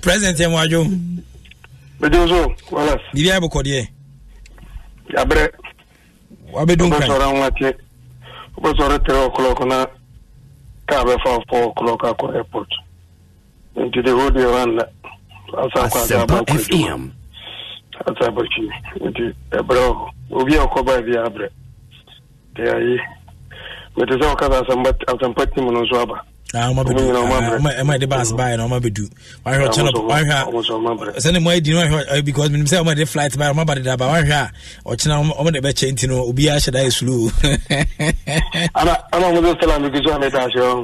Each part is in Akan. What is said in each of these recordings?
president yɛ mo adwo bɛdwo so walas biribia bɛkɔdeɛ yabrɛ wabɛdu nkran wobɛsɔre three o'clock na kaa bɛfa four o'clock akɔ airport nti de wode randa asa kɔ asabakɔ asa bakyi nti ɛbrɛ obi a ɔkɔbaa bi abrɛ nti ayi mete sɛ ɔkasa asɛmpa tim no nso aba ɛma de bas baɛ no ɔma bɛdu wahwɛ ɔkyena sɛne mo adi no wahwɛ because menim sɛ ɔma de flight baɛ ɔma bade daba wahwɛ a ɔkyena ɔma de bɛkyɛ nti no obiaa hyɛ da yɛ slow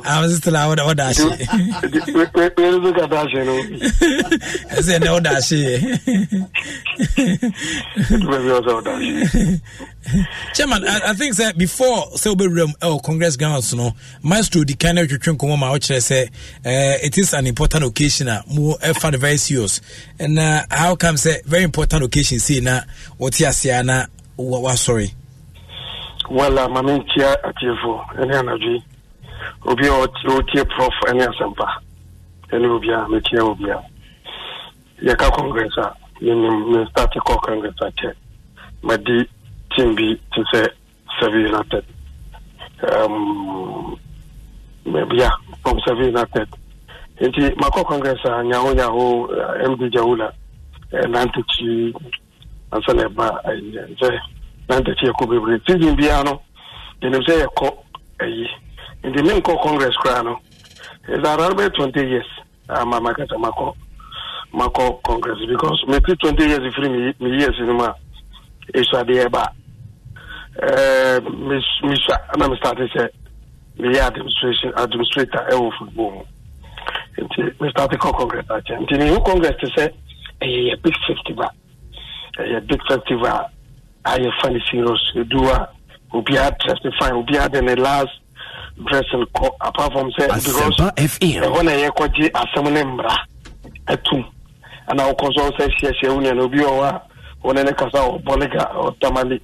amse stela woda ahye ɛsɛ ɛnɛ woda ahyeɛ chairman I, I think sɛ before sɛ Room or congress grounds no maestro di kan na wotwetwe nkɔmmɔ my wokyerɛ sɛ uh, it is an important occasion a mo ɛfa no very serious na uh, how come sɛ very important occasion sei na wɔte aseɛ na wasɔre wala ma mentia atiefoɔ ɛne anadwo obi uh, a ɔtie prof ɛne asɛmpa ɛne obia uh, metia obia yɛka congress a menim me start kɔ congress akyɛ madi team bi te sɛ seven united um, bia from seven united nti makɔ congress a nyaho nyaho md jawula nantakyi ansa na ɛba sɛ nantakyi yɛkɔ bebree season biara no yɛnim sɛ yɛkɔ ayi nti menkɔ congress koraa no ɛdarare bɛyɛ twenty years ama makasa makɔ makɔ congress because meti twenty years firi me years no mu a ɛsuadeɛ ɛbaa Eh, mesua na mestarte sɛ meyɛ administration administrator ɛwɔ e football mu nti mestarte kɔ congress akyɛ nti mehu congress te sɛ ɛyɛ yɛ big festival ɛyɛ eh, big festival a ayɛ fane serious ɛdu a obiaa dress fine obiaa de ne last dressing kɔ apart from sɛ ɛhɔ na yɛkɔgye asɛm ne mmara atum e ana wokɔ so wo sɛ hyiahyia wo nea no obi wɔ hɔ a wone ne kasa ɔbɔlega ɔtamale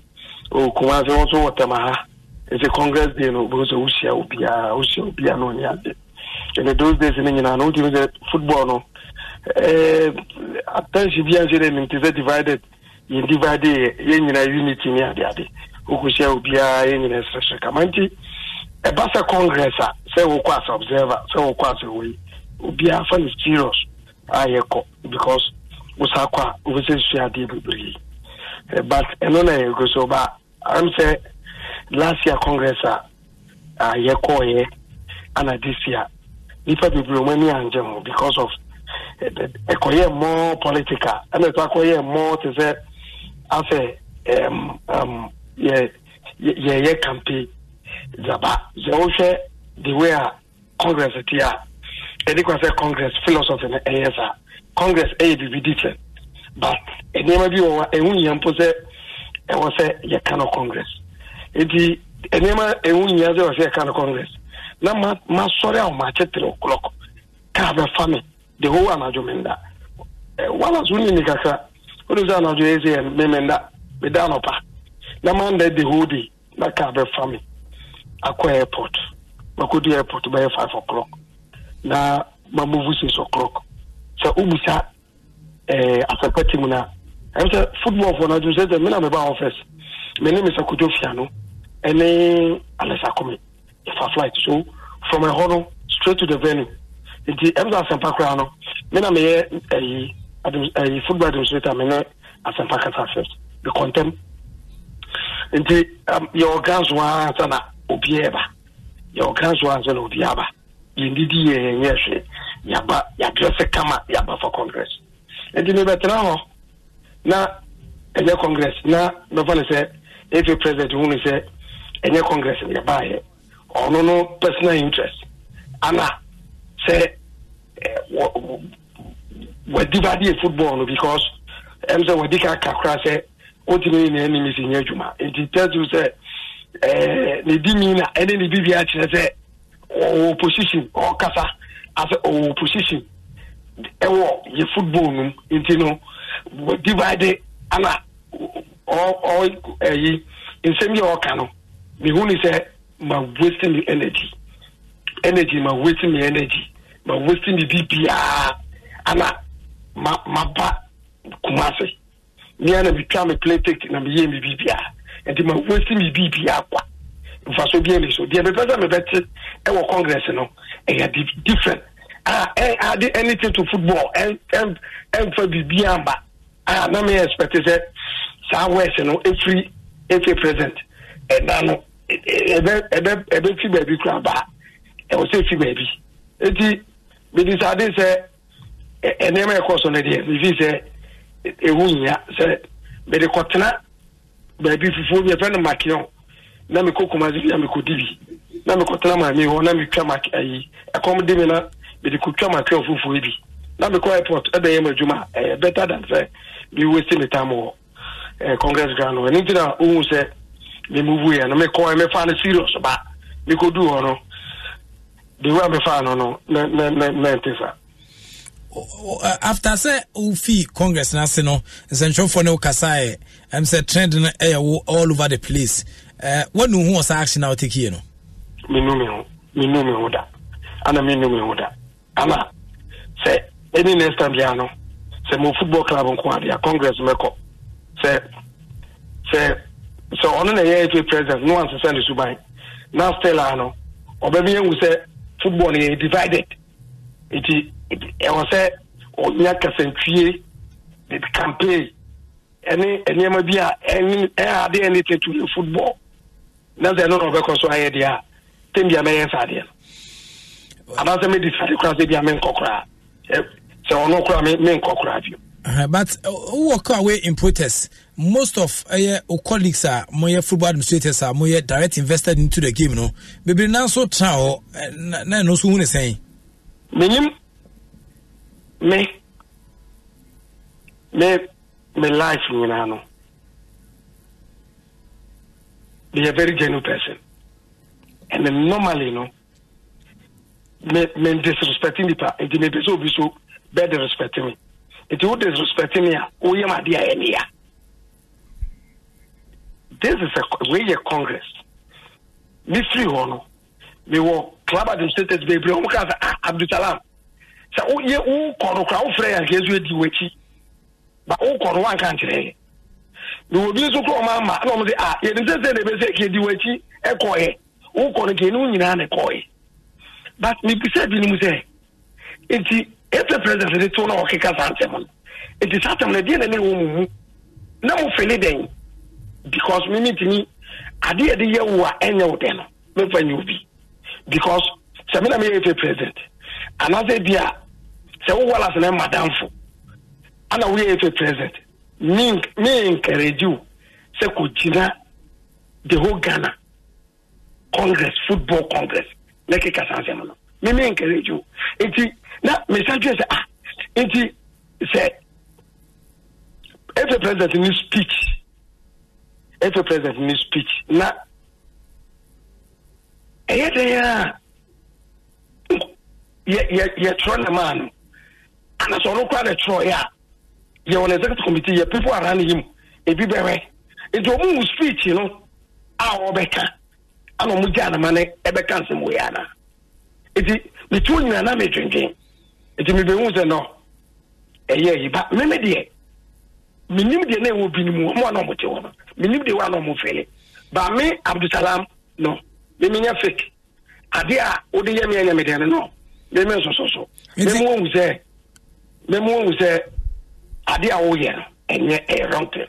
okuma sɛ wo nso wɔtɛm ha ɛsɛ congress day no wobɛhu sɛ wohyia wo biaa wohyia wo bia na ɔne those days no nyinaa no wotumi sɛ football no eh, attention bia nhyɛ dɛ nim te sɛ divided yɛn divide yɛn nyinaa unity ne adeade wokɔhyia wo biaa yɛn nyinaa srɛsrɛ kama nti ɛba e sɛ congress a sɛ wokɔ as observer sɛ wokɔ as wei obiaa fa no serious a yɛkɔ because wosa kɔ a wobɛsɛ sua adeɛ bebree eh, but ɛno na yɛgu so ba am sɛ last year congress a uh, uh yɛkɔɔyɛ ana uh, this year nipa bebree ɔmo ani angye ho because of ɛkɔyɛ uh, eh, eh, more political ɛna ɛtɔ akɔyɛ more te sɛ asɛ um, um, yɛ yɛyɛ campaign zaba sɛ wohwɛ the way a uh, congress ti a ɛde kwa sɛ congress philosophy no ɛyɛ saa congress ɛyɛ biribi different but nneɛma bi wɔ hɔ a nyɛ mpo sɛ ɛwɔ sɛ yɛka no congress nti nneɛma ɛwo nyinaa sɛ ɛwɔ sɛ yɛka congress na ma masɔre a ɔmaakye tere o'clock kaa bɛfa me de ho anadwo menda wala so woni me kakra wode sɛ anadwo yɛ sɛ memenda meda anɔpa na manda de ho de na kaa bɛfa me akɔ airport makɔdu airport bɛyɛ five o'clock na mamovu six o'clock sɛ wobusa eh, asɛmpa ti mu no ɛm sɛ football fɔ n'adum sɛ sɛ mi na mi ba office mi ni mr kojo fiano ɛne alisa kome yɛfa flight so from ɛhɔ no straight to the venue nti ɛm sɛ asɛmpa koraa no mi na mi yɛ ɛyi ɛyi football administrator mi ne asɛmpa kasa first mi kɔntɛm nti yɛwɔ ghana so ansa na obi ɛba yɛwɔ ghana so ansa na obi aba yɛndidi yɛn yɛn yɛ hwɛ yaba yadrɛsɛ kama yaba for congress nti mi bɛ tena hɔ na ɛnyɛ congress na bɛfa no sɛ efe president hu no sɛ ɛnyɛ congress na yɛbaayɛ ɔno no personal interest ana sɛ wadi ba de football no because ɛm sɛ wadi ka kakra sɛ wotumi nyinaa nim si nyɛ adwuma nti tɛtu sɛ ɛɛ ne di mi na ɛne ne bibi akyerɛ sɛ ɔwɔ position ɔkasa asɛ ɔwɔ position ɛwɔ yɛ football no nti no divide ana ɛyi nsɛm yɛ ɔka no mehu ne sɛ ma waste me energy energy ma waste me energy ma waste me bibiaa ana ma maba kuma se mea na metwa me platic na meyɛ me bibiaa nti ma waste me bibiaa kwa mfaso bia me so deɛ mepɛ sɛ mebɛte ɛwɔ e congress no ɛyɛ e different a e, adi anything to football ɛmfa biribiaa mba Eh, eh, a na mi expect sɛ saa west no efiri efe present ɛda no ɛbɛ ɛbɛ ɛbɛ fi baabi kura baa ɛwɔ sɛ fi baabi eti bidisade sɛ ɛnneɛma ɛkɔ so no deɛ bifi sɛ ewu nyia sɛ mede kɔtena baabi fufuo bi ɛfɛ no makion na mekɔ kumase bi na mekɔ di bi na mekɔtena maame hɔ na metwa mak ayi ɛkɔm de me na mede kɔtwa makion fufuo bi na mekɔ airport ɛbɛyɛ mu adwuma ɛyɛ better than sɛ bi waste me time wɔ eh, congress ground hɔ ɛno nti na wohu sɛ memuvuiɛ no mekɔɛ mefa no serious ba mekɔduu hɔ no de wa mefa no no nante sa eh, after sɛ wofi congress no ase no nsɛntwerɛfoɔ ne wokasaeɛ ɛm sɛ trend no ɛyɛ wo all over the place uh, woanu hu wɔ saa action a wotakie no menu me ho menu me ho da ana menu me ho da ana sɛ ɛne next time biaa no sɛ mo football club nko a deɛ congress mɛkɔ sɛ sɛ sɛ ɔno na ɛyɛ fa president no ansesa ne suban na still a no ɔbɛbi yɛhu sɛ football no yɛ divided nti ɛwɔ sɛ ɔnya de campaign ɛne nneɛma bi a ɛne adeɛ ne tɛtu ne football na sɛ ɛno na ɔbɛkɔ so ayɛ deɛ a tɛm bia mɛyɛ saa adeɛ no anaasɛ mɛdi sade koraa sɛ bia menkɔ koraa sɛ ɔno kora menkɔ kora bio but who uh, walk away in protest? Most of uh, your colleagues are more football administrators are more direct invested into the game. No, maybe now so now, eh, now no sooner saying. Minim me me me life in Milano. Be a very genuine person, and normally, no, me me disrespecting the part. It may be so bɛɛ disrespect me nti wo disrespect me a woyɛ m adeɛ a ɛnea this is a wei yɛ congress mefiri hɔ no mewɔ club the administrators bebree ɔmo kaa sɛ ah abdusalam sɛ woyɛ wokɔ no koraa wofrɛ yɛ anka ɛso adi w'akyi ba wokɔ no woanka nkyerɛ mewɔ bi nso kora ɔma ama na ɔmo sɛ ah yɛnim sɛ sɛ na ɛbɛsɛ ɛka adi w'akyi ɛkɔɛ wokɔ no nka ɛne wo nyinaa na ɛkɔɛ but mebisa bi no mu sɛ nti ɛsɛ president de to na ɔkeka saa ntɛm no nti saa ntɛm no ɛdeɛ na ne wɔ mu mu na mofele dɛn because me ne tini adeɛ de yɛ wo a ɛnyɛ wo dɛn no mefa nyɛ obi because sɛ me na meyɛ ɛfɛ president anaasɛ bi a sɛ wo walas na madamfo ana woyɛ ɛfɛ president me encourage wo sɛ kɔgyina the whole ghana congress football congress na keka saa nsɛm no me me encourage wo na mesan kyerɛ sɛ ah nti sɛ ɛfɛ president ni speech ɛfɛ president ni speech na ɛyɛ dɛn a yɛtwerɛ ne maa no anasɛ ɔno kora ne twerɛeɛ a yɛwɔ ne executive committee yɛ people ara no yi mu ebi bɛwɛ nti ɔmo wu speech no a ɔbɛka ana ɔmo gya anama no ɛbɛka nsɛm wɔ yɛ ana nti metu nyina na medwendwen nti mebɛhu sɛ no ɛyɛ yi ba meme deɛ menim deɛ na ɛwɔ bi no mu ɔmo a na ɔmote hɔ no menim deɛ wɔ a na ɔmofele ba me abdusalam no memenyɛ fake adeɛ a wode yɛ meɛnyɛ medeɛ no no meme nsososo memohu sɛ memohu sɛ adeɛ a woyɛ no ɛnyɛ ɛyɛ wrong thing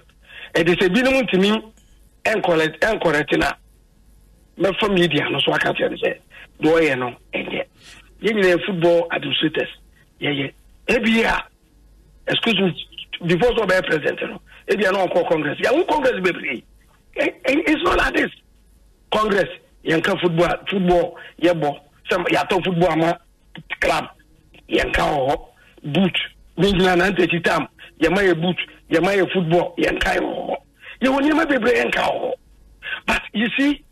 ɛde sɛ binom ntumi ɛnkɔrɛte no a mɛfa media no so aka kyerɛ no sɛ deɛ ɔyɛ no ɛnyɛ yɛn nyinaa football administrators yɛyɛ ebi a excuse me before sọ bɛyɛ president no ebi a na ɔkɔ congress yɛn congress bebree it's not like this congress yɛn ka football football yɛ some Ya to football ama club yɛn ka wɔ boot gbẹngyina nan tẹ ti tam yɛn ma boot yɛn ma football yɛn ka yɛ wɔ hɔ yɛn wɔ nneɛma ka but you see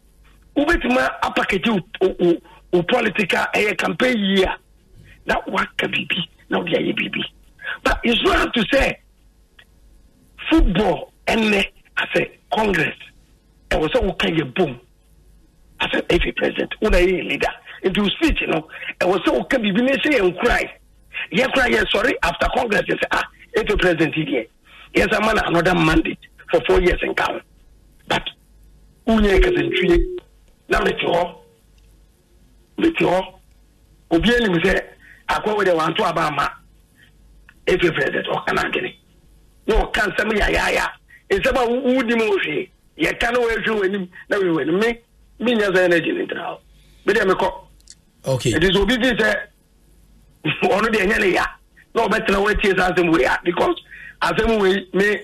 wobɛtuma apakɛti u u o political ɛyɛ campaign yie That waka biribi Now ɔde ayɛ but it's not to say football I say congress ɛwɔ okay. boom. I said if you president wona yɛ leader nti wo speech no ɛwɔ was woka biribi na Say and cry. yɛn cry. yɛn sorry. after congress you say ah ɛfi president here. Yes, yɛn sɛ another mandate for four years in ho but wonyɛ kasantwie na mete hɔ mete hɔ obiara nim sɛ akɔ wɔ wanto aba ama efirefire dɛ ɔka nankene na ɔka nsɛm yayaya nsɛm a wudi mu hwee yɛka na wɔahwɛ w'anim na wɔyɛ w'anim me menyɛ sɛ no ne ntira hɔ medeɛ mekɔ ɛti sɛ obi fii sɛ ɔno deɛ ɛnyɛ ne ya na ɔbɛtena wɔatie sɛ asɛm wei a because asɛm wei me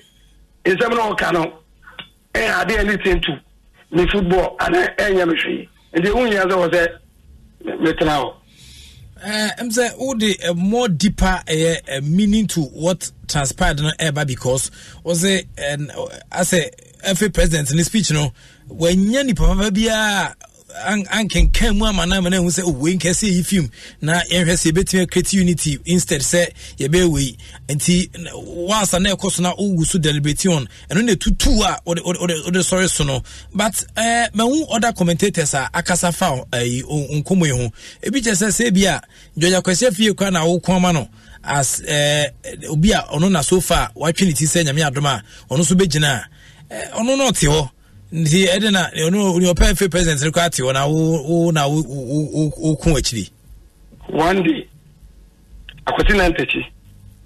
nsɛm na ɔka no ɛyɛ adeɛ ne tentu me football anaa e ɛnyɛ me hwee nti ɛhu e nyia sɛ wɔ sɛ metena hɔ I'm saying, all the uh, more deeper uh, meaning to what transpired in Eba because was it, and I say, every president in his speech, you know, when you Papa ankenkan nke ama na ama na ehu sɛ owei oh, nkɛse yi film na yɛhwɛ sɛ yɛbɛtumi unity instead sɛ yɛbɛɛwɔ yi nti waasa na ɛkɔ so na owu so deliberation ɛno na etutu a ɔde ɔde ɔde sɔre so no but ɛɛ eh, mɛhu other commentators a akasa fa ɛyi eh, nkɔmɔ yi ho ebi sɛ sɛ bi a jɔja kwasi afie no as eh, obi a ɔno na so far ne ti sɛ nyame adoma ɔno nso ɔno na ɔte nti ɛde na ɔno ne ɔpɛ fe president no koraa te hɔ na wo woku akyiri one day akwasi nantakyi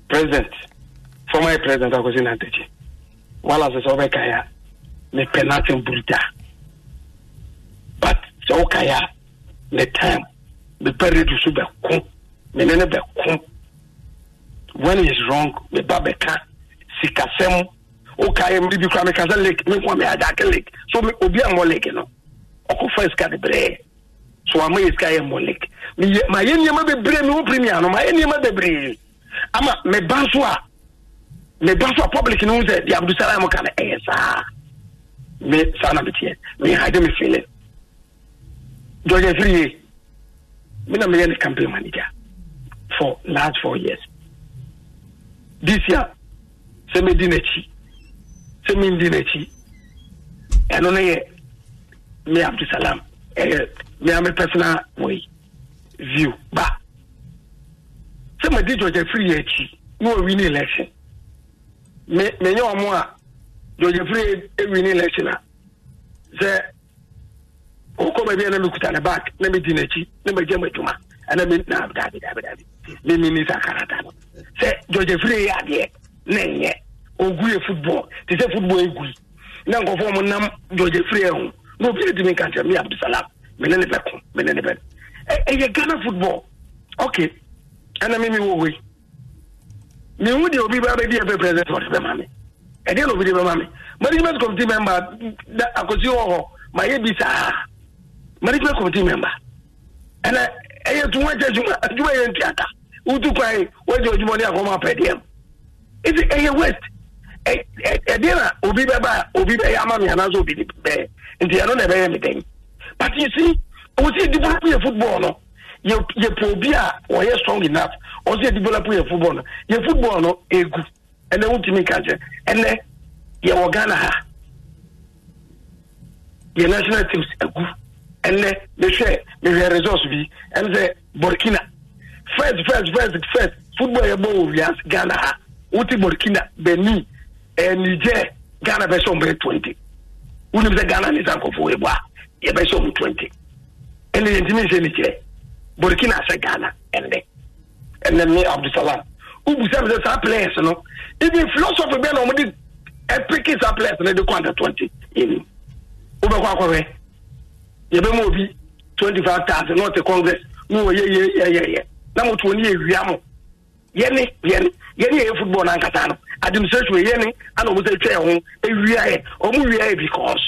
president former president akwasi nantakyi wala sɛ sɛ wobɛkae a mepɛ noasɛm burda but sɛ wokae a ne time mepɛ radio so bɛko mene ne bɛko when is wrong meba bɛka sikasɛm wokae m biribi kora meka sɛ lake mekoa meadake lake so obi ammɔ lake no ɔkɔfa sika de brɛɛ so ama yɛ sika yɛ mmɔ lake mayɛ nneɛma bebree me wo premier no mayɛ nneɛma bebree ama meba so a meba so a public no hu sɛ de abdusalam ka no ɛyɛ saa me eh, saa na meteɛ mehade me feeling dɔyɛ firi ye me na meyɛ ne campaign manager for last four years this year sɛ medi n'akyi sɛ mendi n'akyi ɛno no yɛ me abdusalam ɛyɛ e, mea me personal wei view ba sɛ madi george afiri yɛ akyi na ɔwi ne election menyɛ ɔ mo a george afiri ɛwi ne election a sɛ wokɔ baabi a na mekuta ne back na medi n'akyi na magya m'adwuma ana menadaabidaabidaabi memini sa karata no sɛ george afiri yɛ adeɛ na ogu yɛ football te sɛ football egu na nkɔfɔ ɔmo nam george frey ho na obi edi mi nkankyɛn mi abdulsalam mene ne bɛ ko mene ne bɛ e, ɛyɛ e ghana football okay ɛna mi mi wɔ hɔ yi mi hu deɛ obi ba bɛ di ɛfɛ e president ɔde bɛ ma mi ɛdeɛ na obi de bɛ ma mi management committee member da akosi wɔ hɔ ma yɛ bi saa management committee member ɛna ɛyɛ tun wɔn kyɛ adwuma adwuma yɛ ntiata wotu kwan wɔn gyɛ ɔdwuma ne akɔma apɛdeɛ mu esi ɛyɛ west ɛdeɛ obi bɛba a obi bɛyɛ ama me anaasɛ obi bɛyɛ nti ɛno na ɛbɛyɛ me dɛn but you see wɔsi develop yɛ football no yɛpɛ obi a wɔyɛ strong enough ɔsɛ develop yɛ football no yɛ football no ɛgu ɛnɛ wotumi ka kyɛ ɛnɛ yɛwɔ ghana ha yɛ national teams agu ɛnɛ mehwɛ mehwɛ results bi ɛne sɛ burkina first first first first football yɛbɔ wɔ wiase ghana ha wote burkina benin niger ghana bɛ sɛ ɔmbɛyɛ twenty wonim sɛ ghana ne sa nkɔfoɔ ɛbɔ a yɛbɛ sɛ ɔmu twenty ɛne yɛntimi nsɛ nigerɛ burkina sɛ ghana ɛnɛ ɛnɛ me abdusalam wobu sɛ me sɛ saa players no Ibi philosophy bɛ na ɔmde ɛpiki saa players no de kɔ under twenty yɛnim wobɛkɔ akɔhwɛ yɛbɛma obi twenty five thousand na ɔte congress na wɔyɛyɛyɛyɛ na motoɔ ne yɛwia mo yɛne yɛne yɛne yɛyɛ football no ankasa no administration yɛ ni ana ɔmo sɛ twɛ ho ewia yɛ ɔmo wia yɛ because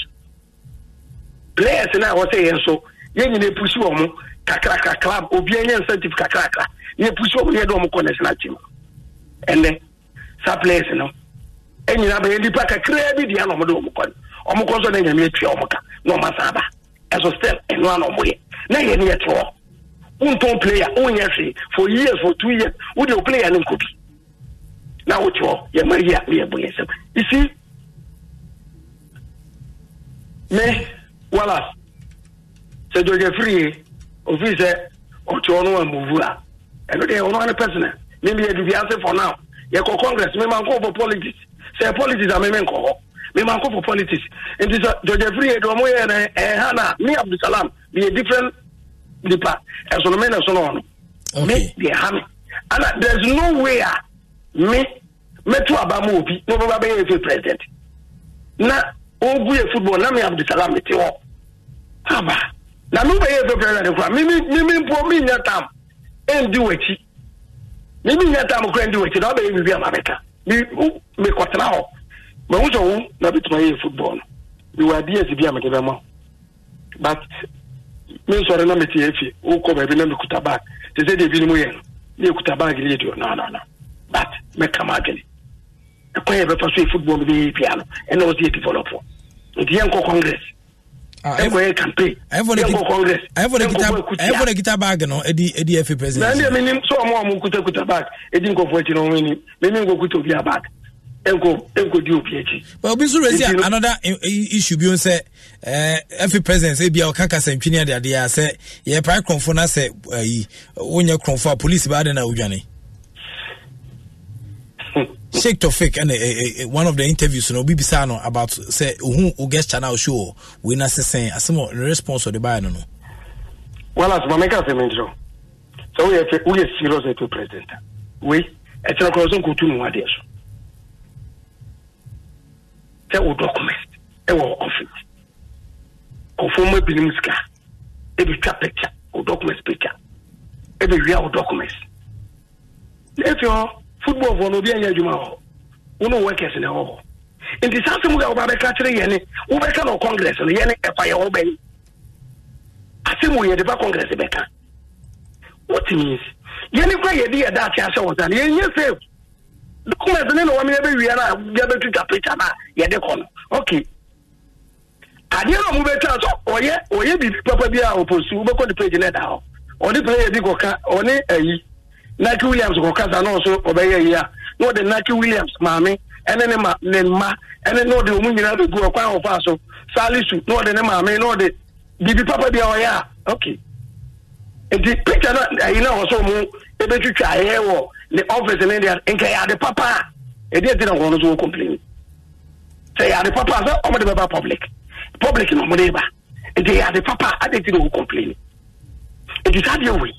players na wɔsɛ yɛn so yɛn nyinaa epusi wɔn kakrakra club obiara yɛ incentive kakrakra yɛ epusi wɔn yɛ de wɔn kɔ national team ɛnɛ saa players no ɛnyina bɛyɛ nipa kakraa bi di ana ɔmo de wɔn kɔ no ɔmo kɔ so na nyame etua ɔmo ka na ɔmo asan aba ɛso still ɛno ana ɔmo yɛ na yɛ ni yɛ tɔ wɔn ntɔn player wɔn yɛ hwee for years for two years wɔde o player ne nkɔ bi na wote hɔ yɛma yi a meyɛbɔ yɛ nsɛm isi me walas sɛ georgia firie ofiri sɛ ɔte hɔ no a movu a ɛno deɛ ɔno ane personal memeyɛ dubia ase for now yɛkɔ congress memankɔ for politics sɛ politics a memenkɔ hɔ memankɔ for politics nti sɛ georgia firie deɛ ɔmo yɛ no ɛha no a me abdusalam meyɛ different nipa ɛsono me ne sono ɔno me deɛ ha me ana there's no way a me mɛtu aba ma obi na ɔbɛba bɛyɛ efe president na o ogu yɛ football na me abdulsalam te hɔ aba na me bɛyɛ efe president kora mimi mimi mpo mi nya tam ɛndi w'akyi mimi nya tam kora ɛndi w'akyi na ɔbɛyɛ bibi ama bɛka mi mi kɔtena hɔ mɛ n sɔ wo na bi tuma yɛ football no mi wɔ adi ɛsi bi a mi de bɛ ma but mi nsɔre na mi ti efie o kɔ baabi na mi kuta bag te sɛ de ebi ni mo yɛ no mi yɛ kuta bag ni yɛ di o naanana but mɛka ma adwene ɛkwan yɛ bɛfa so yɛ football no bɛyɛ pia no ɛna ɔsɛ yɛ develop nti yɛnkɔ congress ah, ɛkɔyɛ campaign yɛnkɔ congress ɛfɔ de kita baag no ɛdi ɛdi ɛfi president na ɛdi ɛmi nim so ɔmo ɔmo kutakuta baag ɛdi nkɔfo ɛkyi na ɔmo nim mɛmi nkɔkuta obi a baag ɛnkɔ ɛnkɔ di obi ɛkyi. but obi nso resi another issue bi nsɛ afi ɛfi president ebi a ɔka kasantwi ni adeade a sɛ yɛ pa kurɔnfo na sɛ ɛyi wonyɛ kurɔnfo a polisi ba adi na odwane. Sheikh Tofik and uh, uh, one of the interviews you know BBC no about say who who gets channel show we na say asem response of the buyer no no well as mameka say me so we have we serious to present. we e tell ko so ko tunu ade so te document e wo office ko fo mo binim sika e bi picture o document picture e bi ria o document if you football fɔ no obi ɛnyɛ adwuma hɔ wone workers na ɛwɔ hɔ nti saa asɛm a wɔba bɛka kyerɛ yɛne wobɛka no congress no yɛne ɛfa yɛwɔ bɛn asɛm wɔ yɛde ba congress bɛka what means yɛne kora yɛde yɛda ate ahyɛ wɔ sa no yɛnyɛ safe document ne na wɔmeyɛ bɛwia na a yɛbɛtwitwa picture no yɛde kɔ no okay adeɛ na mobɛtwa sɛ ɔyɛ ɔyɛ biribi papa bi a ɔpɔsu wobɛkɔ de page no ɛda hɔ ɔde player bi kɔka ɔne ayi naki williams kɔka sa na so ɔbɛyɛ yie a na ɔde naki williams maame ɛne ne ma ne mma ɛne na ɔde ɔmu nyinaa bɛ gu ɔkwan ɔfa so salisu na ɔde ne maame na ɔde biribi papa bi a ɔyɛ a okay nti picture na ayi so mu, ɔmo ebetwitwa ayɛ wɔ ne ɔfisi ne deɛ nka yɛ ade papa a ɛdi ɛdi na wɔn nso wɔ complain sɛ yɛ ade papa a sɛ ɔmo de bɛ ba public public na ɔmo de ba nti yɛ ade papa a adi ti na wɔ complain nti saa deɛ wɔ yi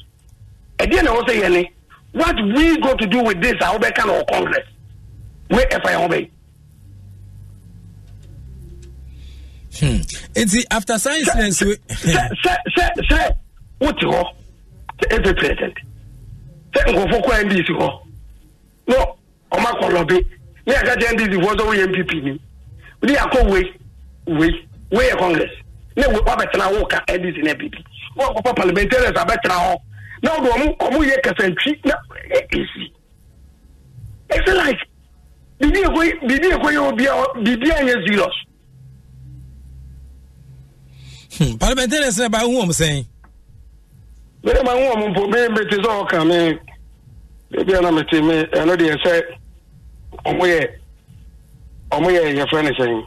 ɛdi na ɔsɛ yɛ ne what we go to do with this àwọn bẹ kan náà congress Where ẹ fa yẹn Hmm. It's the after science Sir, sir, sir, sir. What you go? ti hɔ president. e go for sẹ nkɔfo kọ ndc hɔ no ọmọ akọlọ bi ní àkàtà ndc fọ sọ wọ́n yẹ npp ni ní akọ We wei wei yẹ congress ní wọ́n abẹ tẹ̀lé àwọn ndc ní npp wọ́n kọ́ parliamentarians abẹ tẹ̀lé àwọn na ọdọ ọmụ ọmụ yẹ kasantwi na esi it's like bibi ekwe bibi ekwe yẹ obi a bibi anya zealous. Hmm, parliamentarians náà bá ń hu ọmọ sẹ́yìn. bẹ́ẹ̀ máa ń hu ọmọ mpọ bẹ́ẹ̀ bẹ́ẹ̀ ti sọ ọkàn mi bẹ́ẹ̀ náà mi ti mi ẹnu de ẹsẹ̀ ọmọ yẹ ọmọ yẹ yẹ fẹ́ ni sẹ́yìn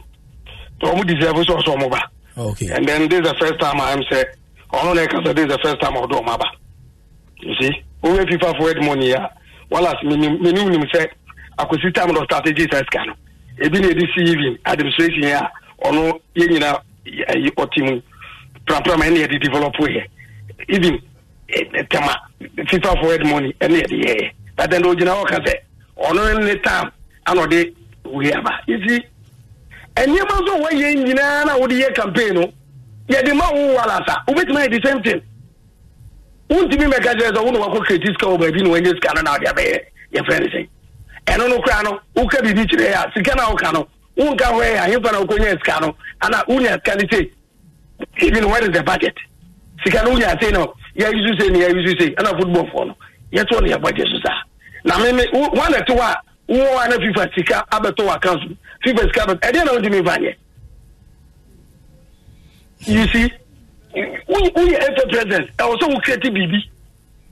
ọmọ deserve sọ ọsọ ọmọ ba. okay and then this is the first time i am say ọ̀nà náà kasa this is the first time ọdún ọmọ aba. nti owó fifa fowed money ya wallace menu nim sɛ akwasi time dɔ strategy sɛ sika no ebi na edi cv administration a ɔno yɛ nyinaa ayi ɔte mu prapram ɛna yɛde develop yɛ even tɛma fifa forward money ɛna yɛde yɛ but then ogyina hɔ ka sɛ ɔno ne time ana ɔde wei aba nti nneɛma nso wɔyɛ nyinaa na wɔde yɛ campaign no yɛde ma wo sa wobɛtumi ayɛ the same thing wontumi mɛka kyerɛ sɛ wone wakɔ kreti sika wɔ baabi na wanyɛ sika no na wode abɛyɛ yɛfrɛ no sɛn ɛno no koraa no woka biribi kyerɛ yɛ a sika no a woka no wonka hɔ yɛ ahemfa na wokɔnya sika no ana wonya sika no sei even what is the budget sika no wonya sei no yɛayusu sei ne yɛayusu sei ana footballfoɔ no yɛtoɔ no yɛbɔgye so saa na meme wane te hɔ a wowɔ a na fifa sika abɛtɔ wɔ account fifa sika ɛdeɛ na wontumi mfa nyɛ you see woyɛ ɛfɛ president ɛwɔ sɛ wokreti biribi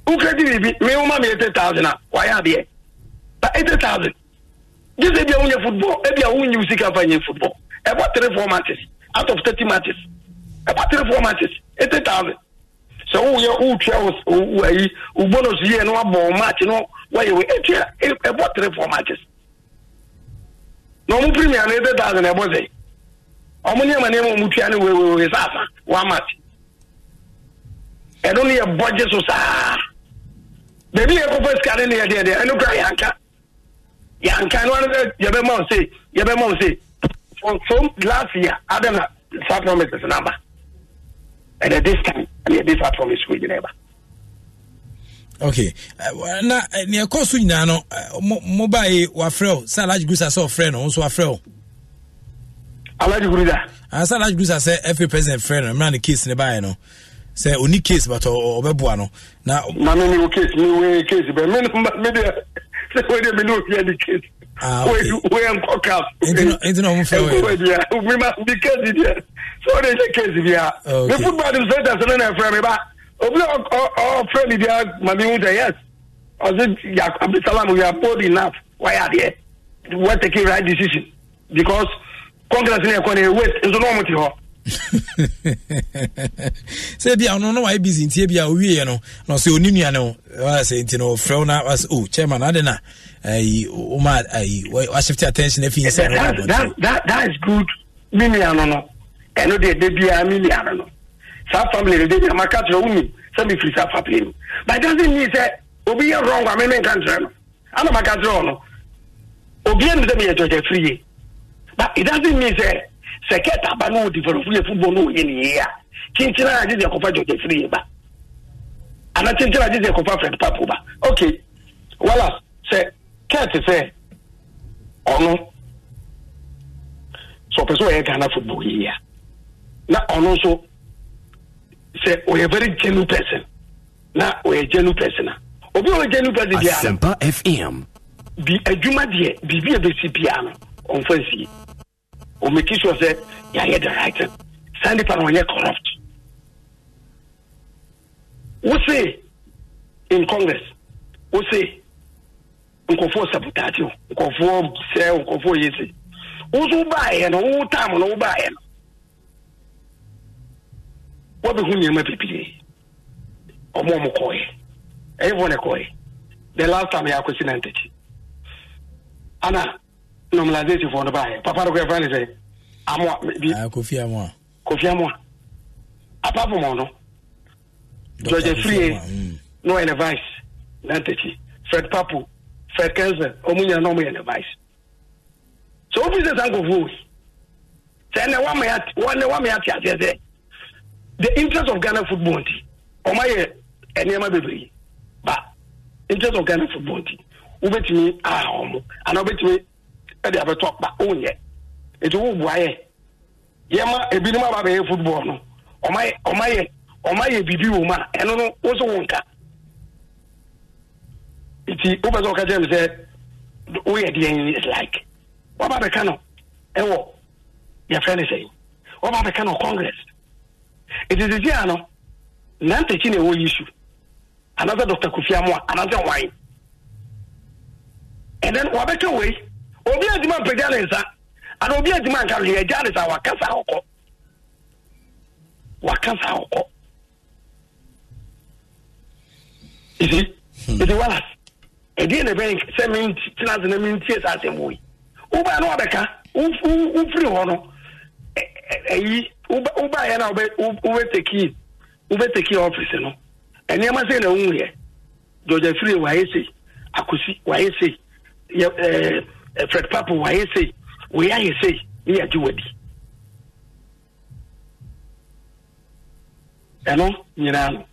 wokreti biribi mewoma me eighty thousand a wayɛ adeɛ ba eighty thousand gye sɛ ebia wonyɛ football ebia wonyiw sika fa nyɛ football ɛbɔ three four matches out of thirty matches ɛbɔ three four matches eighty thousand sɛ woyɛ wotua ayi wo bonus yie no wabɔ match no wayɛ wo ɛtia ɛbɔ three four matches na ɔmo premier no eighty thousand ɛbɔ sɛ ɔmo nneɛma nneɛma ɔmo tua no wewewe saasa one match ɛno ne yɛ bɔgye so saa baabi yɛ kɔfɔ sika ne ne yɛ deɛ deɛ ɛno kora yɛanka yɛanka no ano sɛ yɛbɛma wo se yɛbɛma wo se from last year adam na saa promise sɛ aba ɛnɛ this time ɛne yɛde saa promise wei gyina ɛba okay eh, na nea ɛkɔ so nyinaa no eh, mobaa yi wafrɛ wo sɛ alage grusa sɛ ɔfrɛ no wo nso wafrɛ wo alage grusa ah, sɛ alage grusa sɛ fa president frɛ no mmerɛ ne case ne baeɛ no sɛ oni case but ɔbɛboa no na. na mi ni o case mi wo case bɛ mi ni mi de sɛ wo de mi ni o fi ɛni case. ah okay wo yɛ nkɔ cap. nti na ɔmo fɛ wo yɛ. ɛnkɔ bɛ diya mi ma di case diya so o de se case diya. okay mi football administrators ne na ɛfrɛ mi ba obi ɔfrɛ mi diya maami n sɛ yes ɔsi ya abdulsalam you are bold enough wáyà adiɛ wọ́n take right decision because congress ni ɛkɔ ni waste nso n'ɔmo ti hɔ. sɛ bia ɔno no wayɛ busy ntie bia owieɛ no na ɔsɛ ɔni nua no sɛ nti no ɔfrɛ wo na wasɛ o oh, chairman ade na ayi woma ayi washift attention afi nsɛ no that, that, that, is good me nua no no ɛno deɛ ɛda biara me nua no no saa family no de nua maka kyerɛ wo nim sɛ mefiri saa family no but doesn't mean sɛ obi yɛ wrong a me menka nkyerɛ no ana maka kyerɛ ɔ no obiɛ no sɛ meyɛ gyɔgyafiri ye but it doesn't mean sɛ sɛ kɛta aba na ɔdi fɔlɔfɔlɔ yɛ football na ɔyɛ ne yie a kyinkyin a agye deɛ kɔfa firi yɛ ba ana kyinkyin a agye deɛ kɔfa fred papo ba ok wala sɛ kɛte sɛ ɔno sɛ ɔyɛ ghana football yie a na ɔno nso sɛ ɔyɛ very genuine person na ɔyɛ genuine person a obi ɔyɛ genuine person deɛ a. fm. bi adwuma deɛ biribi a bɛsi biara no ɔnfa nsie o make sure sɛ yɛayɛ the right thing saa nipa no corrupt wose in congress wose nkɔfoɔ sabotaate o nkɔfoɔ sɛ nkɔfoɔ yɛ se woso wobaayɛ no wo tam no wobaayɛ no wabɛhu nneɛma bebree ɔmo ɔmo kɔɔyɛ ɛyɛfoɔ ne kɔɔyɛ the last time yɛakɔsi nantaki ana normalization fɔ ne b'a ye papa dɔ ko ɛfɛn de sɛ amua bi ah, kofi a kofi amua apart from ɔno jɔjɛ free ye mm. n'o yɛlɛ vice n'antɛti fred papu fred kɛnsɛn ɔmu nyɛ n'ɔmu yɛlɛ vice so o fi sɛ san ko fo sɛ ɛnɛ wama ya ɛnɛ wama ya ti a sɛ sɛ the interest of ghana football ti ɔma yɛ ɛnɛɛma bebree ba interest of ghana football ti wobɛtumi a ah, ɔmo ana wobɛtumi ɛde abɛtɔ kpa onyɛ eti wo bu ayɛ yɛma ebinom aba bɛyɛ football no ɔmayɛ ɔmayɛ ɔmayɛ bibi wɔ mu ɛno no woso wo nka eti wopɛ sɛ ɔka kyerɛ mi sɛ woyɛ deɛ is like waba bɛka no ɛwɔ yɛfrɛ no sɛ waba bɛka no congress eti sisi a no nantakyi na ɛwɔ yisu anaasɛ dr kofi amoa anaasɛ wan ɛnɛ wabɛka wei obi adwuma mpagya ne nsa ana obi adwuma nka no yɛagya ne sa wakasa akɔkɔ wakasa akɔkɔ ɛsi ɛdi walas ɛdeɛ na ɛbɛn sɛ mentena ase na mentie saa asɛm wɔ yi wobaa na wabɛka wofiri hɔ no ɛyi wobaeɛ na wobɛteki teki ɔfise no ɛnneɛma sɛ na wohuyɛ georgia firie wayɛ sei akosi wayɛ sei fred papo wayɛ sei wei ayɛ sei ne yɛagye wadi ɛno nyinaa no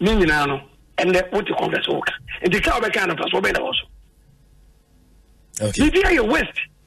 ne nyinaa no ɛnɛ wote conference woka nti ka wobɛka no fa so wobɛda hɔ so biribi ayɛ west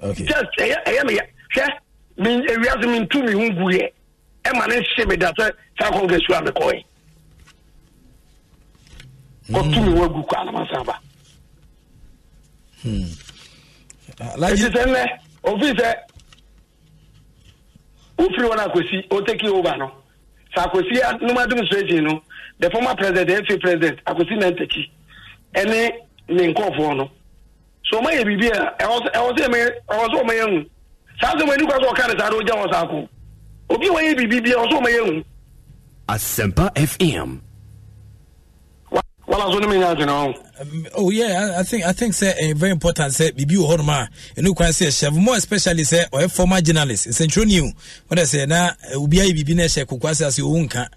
just ɛyɛ ɛyɛ mi yɛ hwɛ mi ewia so mi ntu mi hu gu yɛ ɛma ne nhyɛ mi da sɛ saa kɔnkɛ su hmm. a mi kɔ yɛ kɔtu mi wɔ gu kɔ anamasa ba. ɛti hmm. ah, sɛ nnɛ ofin sɛ wofiri wɔn akosi oteki over no sɛ akosi noma administration no the former president the fa president akosi nantakyi ɛne ne nkɔɔfoɔ no so ɔma yɛ biribi a ɛwɔ sɛ ɛwɔ sɛ ɔma yɛ hu saa sɛ wɔani kwa sɛ ɔka ne saa de wogya saako obi a wɔyɛ biribi bia ɛwɔ sɛ ɔma yɛ hu asɛmpa fm wala so no menya ntena ho oh yeah i think i think sɛ uh, eh, very important sɛ biribi wɔ hɔnom a ɛno kwan sɛ ɛhyɛ more especially sɛ ɔyɛ former journalist nsɛntwerɛni o wɔdɛ sɛ na eh, obi ayɛ biribi na ɛhyɛ kokoa sɛ ase ɔwu nka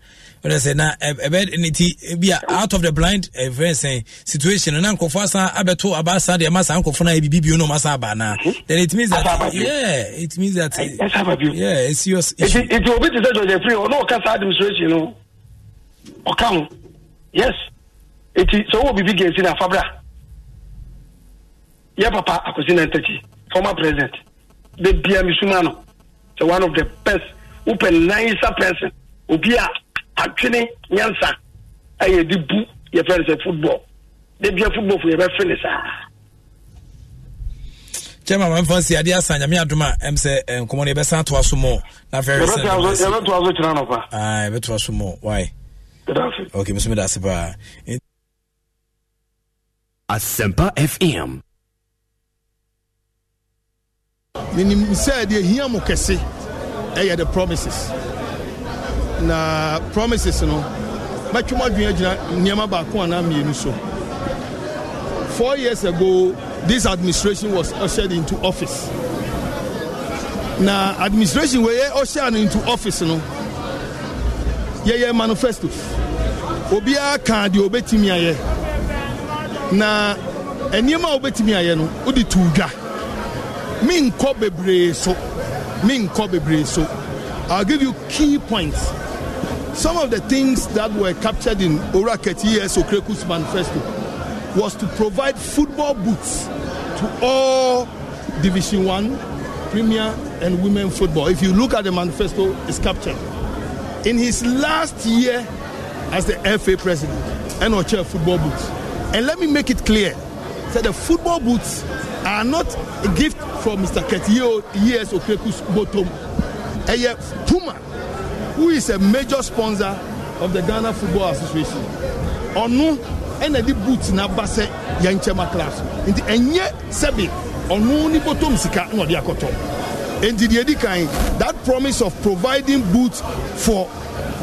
wɛrɛ sɛ na ɛbɛ ne ti ebi a out of the blind ɛfɛ sɛn situation na nkɔfo asa abɛto aba deɛ ma sa nkɔfo na ebibi bi onum asa aba na hmm? then it means that yeah it means that yeah it's serious issue. nti obi ti sɛ jɔjɛ free ɔno ɔka saa administration no ɔka ho yes nti sɛ ɔwɔ bibi gɛnsi na afabra yɛ papa akosi na ntɛkyi former president de bia mi suma no sɛ one of the best wopɛ nicer person obi a atwene nyansa a yɛde bu yɛfɛ no sɛ football de bia football fo yɛbɛfe ne saa chairman mamfa si ade asa nyame adom a ɛm sɛ eh, nkɔmmɔ no yɛbɛsan toa so mɔ na fɛyɛbɛtoa so kyena nɔpa yɛbɛtoa so mɔ wae ok mesome da ase paa asɛmpa fm menim sɛ deɛ hia mo kɛse ɛyɛ the promises na promises no mɛtwe mo adwene agyina nneɛma baako anaa mmienu so four years ago this administration was ushered into office na administration wɔyɛ ushered no into office no yɛyɛ manifestos obiara kaa deɛ obɛtumi ayɛ na nneɛma a obɛtumi ayɛ no wode tuu dwa menkɔ bebree so menkɔ bebree so i'll give you key points Some of the things that were captured in Ora E.S. Okreku's manifesto was to provide football boots to all Division 1, Premier, and women football. If you look at the manifesto, it's captured. In his last year as the FA president, NHL football boots. And let me make it clear that the football boots are not a gift from Mr. Ketio E.S. Okreku's bottom. Puma who is a major sponsor of the Ghana Football Association ɔno ɛna de boot n'aba sɛ yɛn nkyɛn class nti ɛnyɛ sɛbi ɔno ni bɔtɔm sika na ɔde akɔtɔ nti deɛ edi kan that promise of providing boot for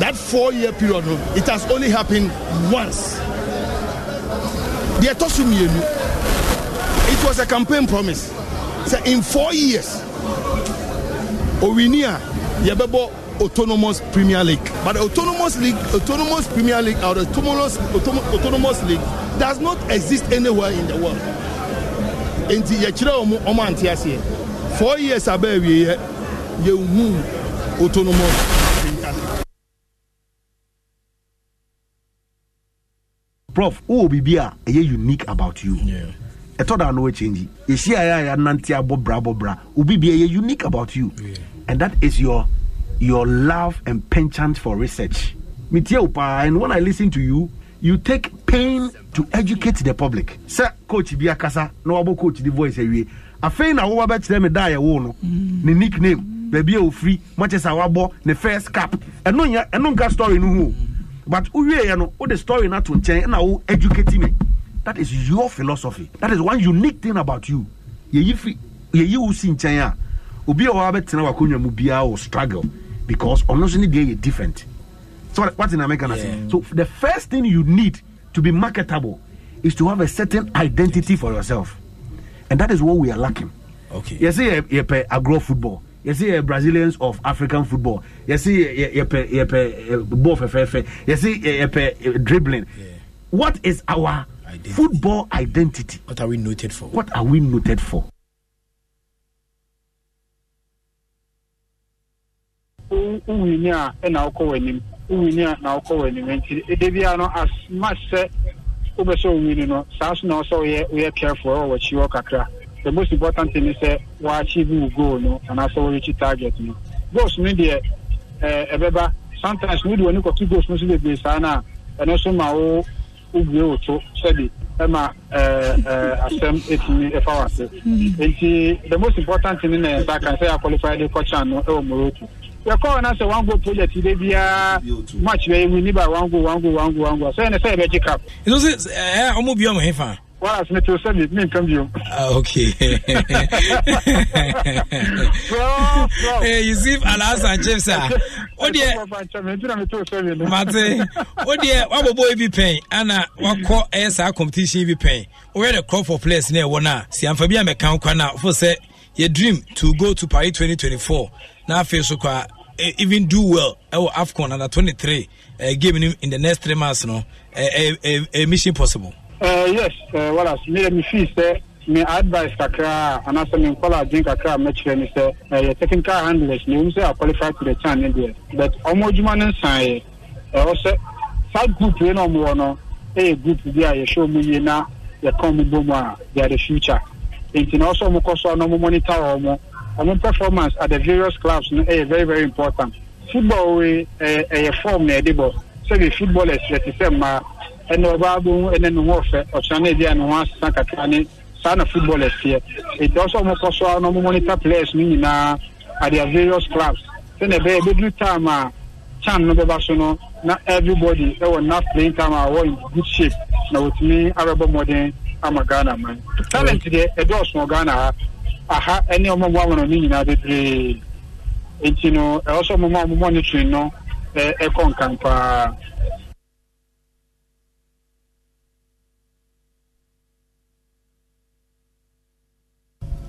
that four year period no it has only happened once deɛ ɛtɔ mmienu it was a campaign promise sɛ in four years owini a yɛbɛbɔ. Autonomous Premier League. But the Autonomous League, Autonomous Premier League, or the Autonomous, Autonomous League does not exist anywhere in the world. Nti yɛkyerɛ wɔn wɔn ante aseɛ four years abɛɛ wie yɛ yɛhu autonomous premier league. prof wowɔ biribi a ɛyɛ unique about you ɛtɔ da no wɔkyɛngyi yɛhyia yɛ a yɛanante abɔbra bɔbra obi bia ɛyɛ unique about you yeah. and that is your your love and penchant for research. And when I listen to you, you take pain to educate the public. Sir, coach bi akasa na wabɔ coach di voice awie. Afei na woba bɛkyerɛ me da a yɛwo no ne nickname baabi a ofiri matches a wabɔ The first cap ɛno nyɛ ɛno nka story no ho but wowieɛ what the story no ato nkyɛn na wo educate me that is your philosophy that is one unique thing about you yɛyi fi yɛyi wo si nkyɛn a obi a wɔabɛtena wakonnwa mu biara struggle because honestly they are different so what in america Say? so the first thing you need to be marketable is to have a certain identity for yourself and that is what we are lacking okay you see a pay agro football you see brazilians of african football you see a pay you pay ball for you see you pay dribbling yeah. what is our identity. football identity what are we noted for what are we noted for nwunye a na ọkọ w'anim nwunye a na ọkọ w'anim nti edebi ano as much sɛ wobɛsɛ owini no saa so na ɔsɛ woyɛ woyɛ careful ɛwɔ w'akyi hɔ kakra the most important thing sɛ w'achieve wo goal no anaasɛ w'akyi target no goals no deɛ ɛɛ eh, ɛbɛba sometimes wodi w'ani kɔto goals no so bebree saa na ɛno so ma wo wobue wo to sɛbi ɛma ɛɛ eh, ɛɛ eh, asɛm etumi ɛfa w'ase hmm. nti the most important thing na yɛn nsa kan sɛ yɛ qualify de kɔkyan no ɛwɔ e morocco yɛkɔɔ na sɛ one goal project de biara match bɛyɛ mu niba one goal one goal one goal one goal sɛ ɛnɛ sɛ yɛbɛgye cap. nso sɛ ɛɛ ɔmo bi ɔmo hefa. wala sini to sɛbi mi nkan bi o. Ah, ok. ee eh, yusuf alhassan james a o mate o deɛ wabɔbɔ ebi pɛn ana wakɔ ɛyɛ saa competition bi pɛn o yɛ de crop for players na ɛwɔ na sianfa bi a mɛka nkwa na fo sɛ yɛ dream to go to paris 2024 na afei kwa e, even do well ɛwɔ afcon under 23 uh, game in the next three months no uh, uh, uh, mission possible uh, yes uh, walas meyɛ mefii sɛ me advice kakra anaasɛ me nkɔla adwen kakra a mɛkyerɛ ne sɛ ɛyɛ technical handlers na ɛwom sɛ aqualify to the chan ne deɛ but ɔmo adwuma no nsaeɛ ɛwɔ sɛ saa group wei na ɔmowɔ no ɛyɛ group bi a yɛhyɛ mu yie na yɛka ɔmo bɔ mu a they are the future enti na ɔsɛ ɔmo kɔ so a na ɔmo monitor wɔ ɔmo performance at the various clubs no ɛyɛ eh, very very important football we ɛyɛ eh, ɛyɛ eh, form na yɛde bɔ sɛbi football ɛsɛ te sɛ mmaa ɛna ɔbaa bo ho ɛna ne ho ɔfɛ ɔsan ne bi a ne ho asesa kakra ne saa football ɛsɛ ɛdɔ sɛ ɔmo kɔ so a monitor players no nyinaa uh, at their various clubs sɛnɛ ɛbɛyɛ ebedu time a uh, chan no bɛba so no na everybody ɛwɔ enough playing time a uh, wɔn in good shape na wotumi abɛbɔ mmɔden ama ghana man talent deɛ ɛdɔɔso wɔ ghana ha aha ɛne ɔmo mu amono ne nyinaa bebree nti no ɛwɔ sɛ ɔmo mu ɔmo monitoring no ɛkɔ nkan paa.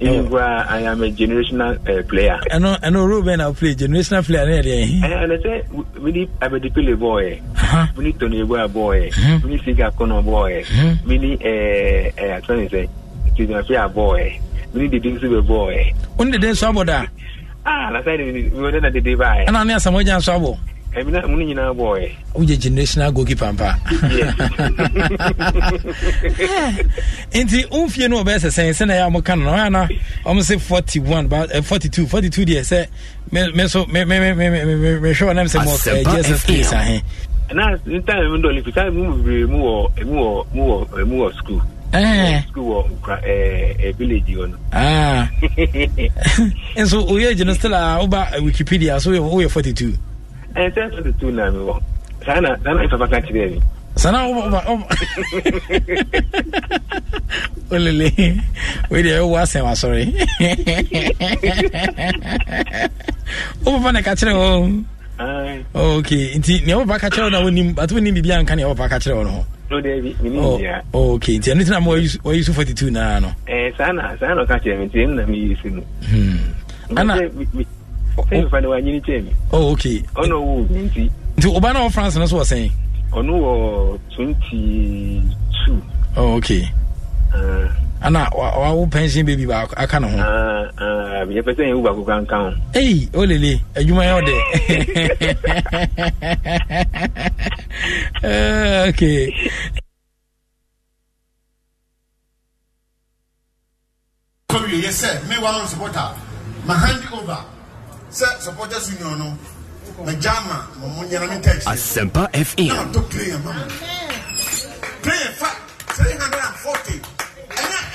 Ingwa, I am a generational uh, player. I know, I know, Ruben, I'll play generational player. And, I say, we need a Dipile boy, we need Tony Boy boy, mhm. we need Siga Kono boy, mhm. we need a, uh, uh, to say, Tizinafia boy. mini dede nso bɛ bɔ ɛ. o ni dede nso abɔ da. aa ah, lasa de mi wɛrɛ na dede b'a yɛ. Eh. ɛna ne asamu ejan nso abɔ. ɛmi na mu ni nyinaa bɔ ɛ. o jɛ eh. generational goalkeeper pampa. nti n fie no o bɛ sɛsɛn sɛnɛ yà mo kan na na ɔmo se forty one ba ɛ eh, forty two forty two deɛ sɛ mɛ mɛ so mɛ mɛ mɛ mɛ mɛ mɛ hwɛ ɔnam na n ta mi dɔɔni fi ta mi mu bebree mu wɔ mu wɔ nso oyɛ gyina still a woba wikipedia so woyɛ 42 ɛnsɛ 42 na mewɔ saa na saa na ɛfaba ka kyerɛ mi sana woba woba olele wei deɛ ɛwowɔ asɛm asɔre wopapa na ka kyerɛ wɔ Oh, ok nti nea wɔba ka kyerɛ wo na wonim ate wonim biribia nka nea wɔba ka kyerɛ wo no ho oh, ok nti ɛno tina ma so 42 naa no nti hmm. na oh. ok nti nti na wɔ france no so wɔ sɛn ok ah. ana wawo pension baby ba aka ne ho ah, ah, yɛpɛ sɛ yɛwu baako kanka ho ei olele adwuma yɛ wode okay kɔwie yɛ sɛ me wa on supporter ma hand over sɛ supporters union no magya ma mɔmo nyɛna me text asɛmpa fm na ɔdɔ play ma mo play fa 340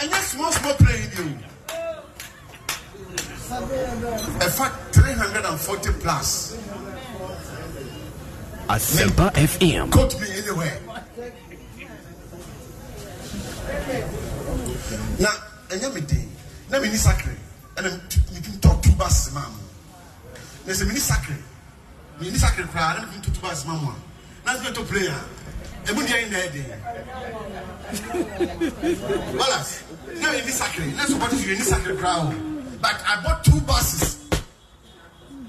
ɛnyɛ small small plane bi o ɛfa three hundred and forty plus. Asempa FM. Coat me anywhere. na ɛnyɛ me den na me ni sakiri ɛna me tun tɔ tuba sima mu na sɛ me ni sakiri me ni sakiri koraa na me tun tɔ tuba sima mu a na me tun tɔ player emu deɛ yi na yɛ Balas, balance na yɛ ni sakiri na support yɛ ni sakiri kura o but i bought two buses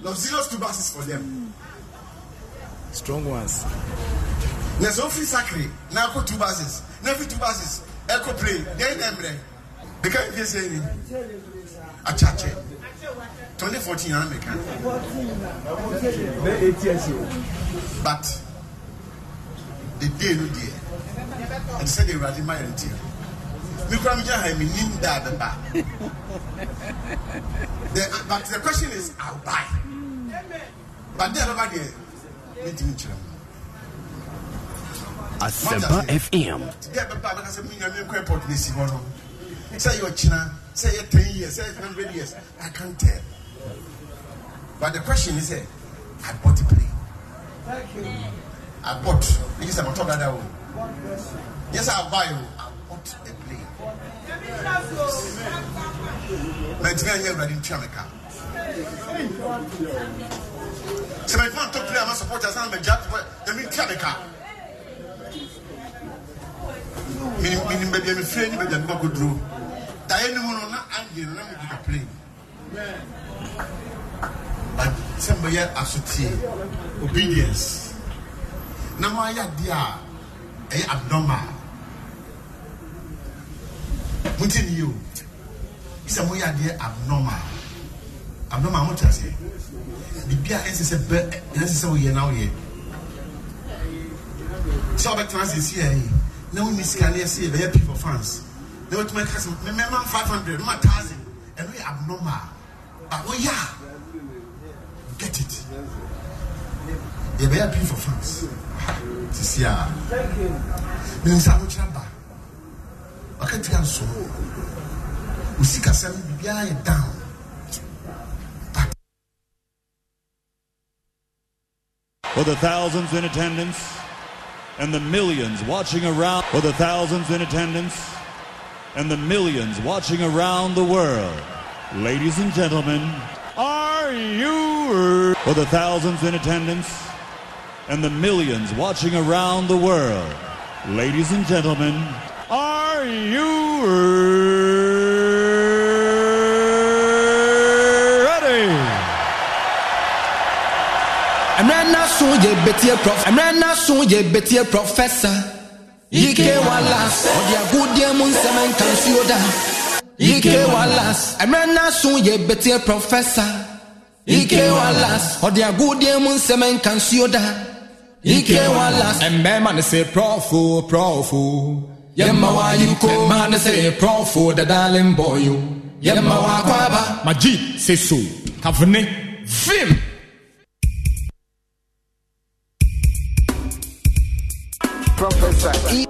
luxurious two buses for them. strong ones. na so free sakiri na akɔ two buses na free two buses ɛkɔ play deɛ yi na mmerɛ bika yi fi ese ni akyakye twenty fourteen yɛn na mɛka but. the day no deɛ and said deɛ awurade ma yɛn teɛ me kura mi gyina ha mi nim the but the question is i buy but deɛ abɛba deɛ we didn't kyerɛ mu. FM. Today abɛba abɛka sɛ i nyina mi ten years sɛ hundred years i can tell but the question is eh i bought a plane. I bought. This is a motor that I will. Yes, I buy you. I bought the plane. Mẹ̀tìmí ẹ̀yẹ ìwúrẹ́dì ń tíyà mẹ́ka. Sẹ̀mẹ̀tìmí àtọ́ pílẹ̀ àmà sọ̀pọ̀tì àti àmà ẹ̀já ẹ̀mí ń tíyà mẹ́ka. Mìnì bẹ̀bí ẹ̀mí fílẹ̀ ní bẹ̀bí ẹ̀mí bá kó dúró. Dàyé ni mu nù ná àyè nù nàmú ìdíkà plane. Sẹ̀mbẹ̀yẹ asọ̀tì obedience na mo ayɛ adeɛ a ɛyɛ abnormal mo ti ni yio sɛ mo yɛ adeɛ abnormal abnormal mo ti aseɛ bibi a ɛsɛ sɛ bɛ ɛsɛ sɛ oyɛ na oyɛ sɛ ɔbɛtena sisi yɛ yi na wo ni sika ne ɛsɛ yɛ bɛyɛ pii for fans na wotuma ɛka sɛ mɛ mɛ ma five hundred ma thousand ɛno yɛ abnormal but oyɛ a get it. yɛbɛyɛ pay for fans sisi a mensa ahokyerɛ ba wakatika nso osikasɛm biribiara yɛ down For the thousands in attendance and the millions watching around, for the thousands in attendance and the millions watching around the world, ladies and gentlemen, are you? For the thousands in attendance and the millions watching around the world. Ladies and gentlemen, are you ready? I'm ready, now you yeah, Betty, prof. I'm right now soon, yeah, Betty, professor. Ike Wallace, or their good dear Munseman Kansioda. Ike Wallace, I'm right now soon, yeah, Betty, professor. Ike Wallace, or their good dear Munseman Kansioda. ike wala. Mmarima no sɛ prɔfo prɔfo. Yɛma wa yiko. Mmaa no sɛ prɔfo dadalen bɔyo. Yɛma wa kwaba. Magye seso kavene vim. Professor. E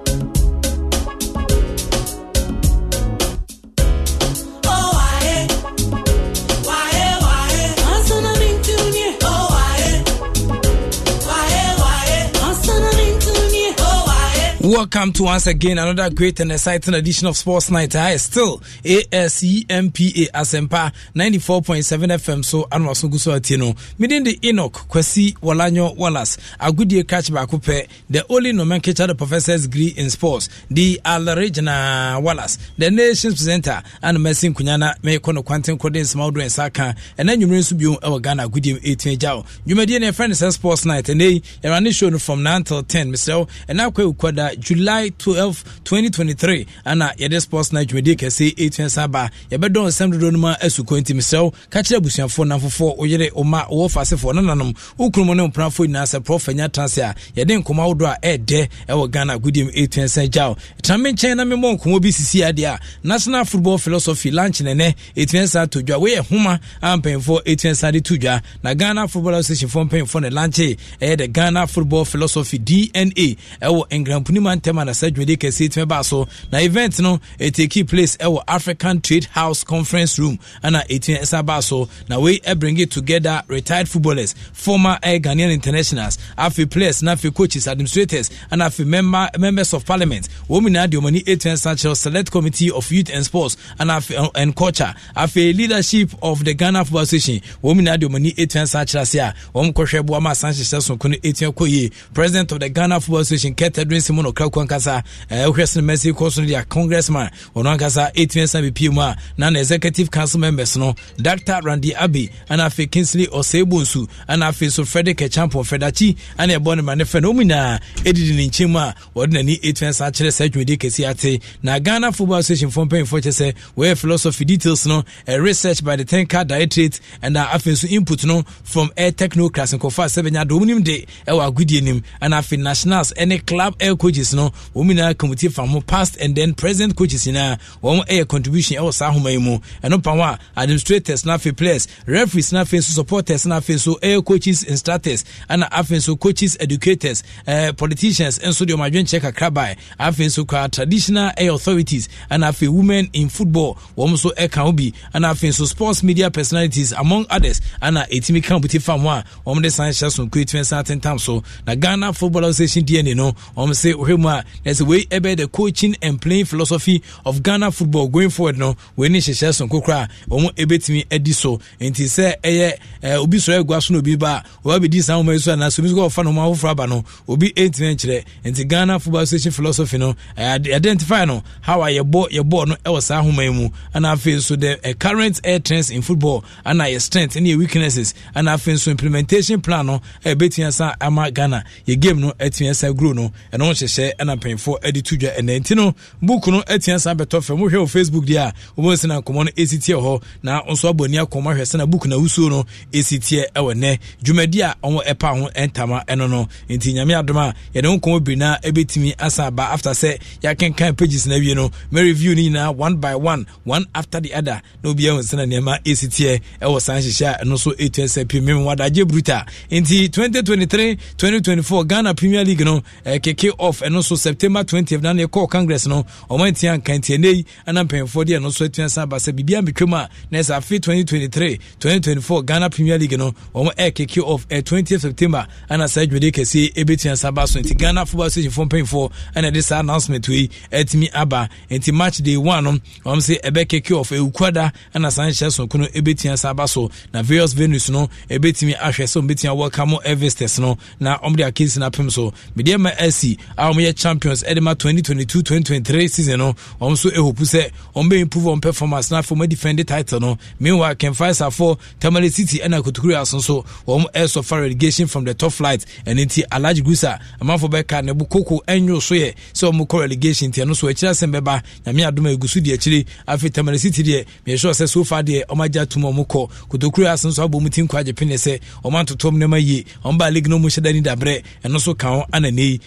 Welcome to once again another great and exciting edition of Sports Night. I still ASEMPA Asempa 94.7 FM. So Anwar Sunguso Atino. Meeting the Enoch Kwesi Walanyo Wallace. A good year catch back eh, The only nomenclature the professor's degree in sports. The Alarejna Wallace. The nation's presenter. And Messin Kunyana Mekono Quantum Codins Maudu and Saka. And then you rinse Bium Ewagana good year 18 Jow. You may be a friend of Sports Night. And they are shown from 9 till 10. Mr. And now Kwada july 12 2023 ana yɛde sports night dwumadi kɛse ɛtua sa ba yɛbɛdɔ nsɛm dodoɔ no ma asukɔ nti mesrɛ wo ka kyerɛ abusuafoɔ namfofoɔ woyere woma wɔ fasefoɔ no nanom wokunumu ne mprafoɔ nyinaa sɛ prɔfa nya transe a yɛde nkɔma wodoɔ a ɛdɛ ɛwɔ ghana agodiem ɛtua sa gyaw tena nkyɛn na memmɔ nkɔmmɔ bi sisi adeɛ a national football philosophy lunch nɛnɛ ɛtua sa to dwa woyɛ homa a mpanyimfoɔ ɛtua sa de to dwa na ghana football association foɔ mpanyimfoɔ ne lunch ɛyɛ the ghana football philosophy dna ɛwɔ nkrampuni anim antɛm anasa dwumadi kɛseɛ tumi baa so na event no ɛtaki place ɛwɔ african trade house conference room ana ɛtumi ɛsa baa so na wei ɛbringi together retired footballers former air ghanaian internationals afi players na afi coaches administrators ana afi member, members of parliament wɔn nyinaa deɛ ɔmani ɛtumi ɛsa kyerɛ select committee of youth and sports ana afi and culture afi leadership of the ghana football association wɔn nyinaa deɛ ɔmani ɛtumi ɛsa kyerɛ ase a wɔn kɔhwɛ boama asan hyehyɛ sonko ɛtumi ɛkɔ yie president of the ghana football association kɛtɛdun simon no kraku ankasa wohwɛ sene masi kɔ so no deɛ congressman ɔno ankasa ɛtumi asa bɛpie mu a na na executive council members no dr Randy abbey ana afei kinsley ɔsɛbo nsu ana afei so frederick champo fredakyi ana ɛbɔ ne ma ne fɛ no ɔmu nyinaa ɛdidi ne nkyɛn mu a wɔde n'ani ɛtumi asa kyerɛ saa dwumadi kɛse ate na ghana football association fɔ mpanyinfoɔ kyɛ sɛ wɔyɛ philosophy details no research by the tenka directorate ɛna afei nso input no from air technocrats nkɔfɔ a sɛbɛnya dɔm nim de ɛwɔ agudie nim ana afei nationals ɛne club air coach coaches no wɔn nyinaa committee fa ho past and then present coaches nyinaa wɔn ɛyɛ contribution ɛwɔ saa ahoma yi mu ɛno pa a administrators na afei players referees na afei nso supporters na afei nso ɛyɛ coaches instructors ɛna afei nso coaches educators ɛɛ politicians nso deɛ wɔn adwenkyɛ kakra baa afei nso kora traditional ɛyɛ authorities ɛna afei women in football wɔn nso ɛka ho bi ɛna afei nso sports media personalities among others ɛna ɛtumi ka wɔn ti fa ho a wɔn de san hyɛ so nkuritumi san atentam so na ghana football association dna no wɔn sɛ akɔhwɛ mu a na wei ɛbɛyɛ the coaching and playing philosophy of ghana football going forward no wei ne hyehyɛ sonko koraa wɔn ɛbɛtumi adi so nti sɛ ɛyɛ ɛɛ obi sɔrɔ egua so na obi ba wɔn abɛdi saa wɔn ɛso anaasɛ obi nso wɔfa na wɔn afoforɔ aba no obi ɛntumi nkyerɛ nti ghana football association philosophy no ɛɛ identify no how a yɛbɔ yɛbɔ no ɛwɔ saa ahoma yi mu ɛna afei so the uh, current air trends in football ɛna yɛ strength ɛne yɛ weaknesses ɛna afei so implementation plan no ɛbɛtumi asa ama ghana yɛ game no ɛtumi asa grow no ɛno hyehyɛ ahyɛ ɛna mpanyinfoɔ ɛde to dwa ɛnɛ nti no buku no ɛtia san bɛtɔ fam wohwɛ wɔ facebook deɛ a wɔbɛn sɛ na nkɔmɔ no esi tie hɔ na nso abɔ ani akɔmɔ ahwɛ sɛ na buku na wusuo no esi tie ɛwɔ nɛ dwumadi a wɔn ɛpa ho ɛntama ɛno no nti nyame adom a yɛde nkɔmɔ bi na ɛbɛtumi asa aba after sɛ yɛakenkan pages na wie no mɛ review no nyinaa one by one one after the other na obiara wɔn sɛ na nneɛma esi tie ɛwɔ san hyehyɛ a ɛno nso etu ɛsɛ pii mmemme wadagye bruta nti 2023 2024 ghana premier league no ɛkeke off ɛno nso september 20 na ne ɛkɔɔ congress no ɔmantia nkantiɛnɛ yi ana mpanyimfoɔ de ɛno nso atumi san ba sɛ biribia metwam a na ɛsɛ afe 2023 2024 ghana premier league no wɔn ɛrekeke off ɛ 20 september ana saa dwumadi kɛseɛ ɛbɛtua san ba so nti ghana football association fo mpanyimfoɔ ɛna ɛde saa announcement yi atumi aba nti match day one no wɔn sɛ ɛbɛkeke off ɛwukuada ɛna saa nhyɛ sonko no ɛbɛtua san ba so na various venues no ɛbɛtumi ahwɛ sɛ wɔn bɛtumi awɔka mo evesters no na wɔn de akesi na apem so medeɛ ma ɛsi a wɔn wɔyɛ champions ɛde ma 2022 2023 season no wɔn nso ɛhopu sɛ wɔn bɛ improve wɔn performance na afɔm defend title no meanwhile kemfaisafoɔ tamale city ɛna kotukuri aso nso wɔn ɛsɔfa relegation from the top flight ɛne nti alhaji gusa amanfoɔ bɛka ne bo koko ɛnwo so yɛ sɛ wɔn kɔ relegation tiɛ no so akyirɛ asɛm bɛba nyame adoma egu so deɛ akyire afei tamale city deɛ mmeɛsɛ sɛ so far deɛ wɔn agya tum wɔn kɔ kotukuri aso nso abɔ mu ti nkɔ agye pene sɛ wɔn atoto wɔn nneɛma yie wɔn ba league no mu hyɛ dani dabrɛ ɛno so ka wɔn anane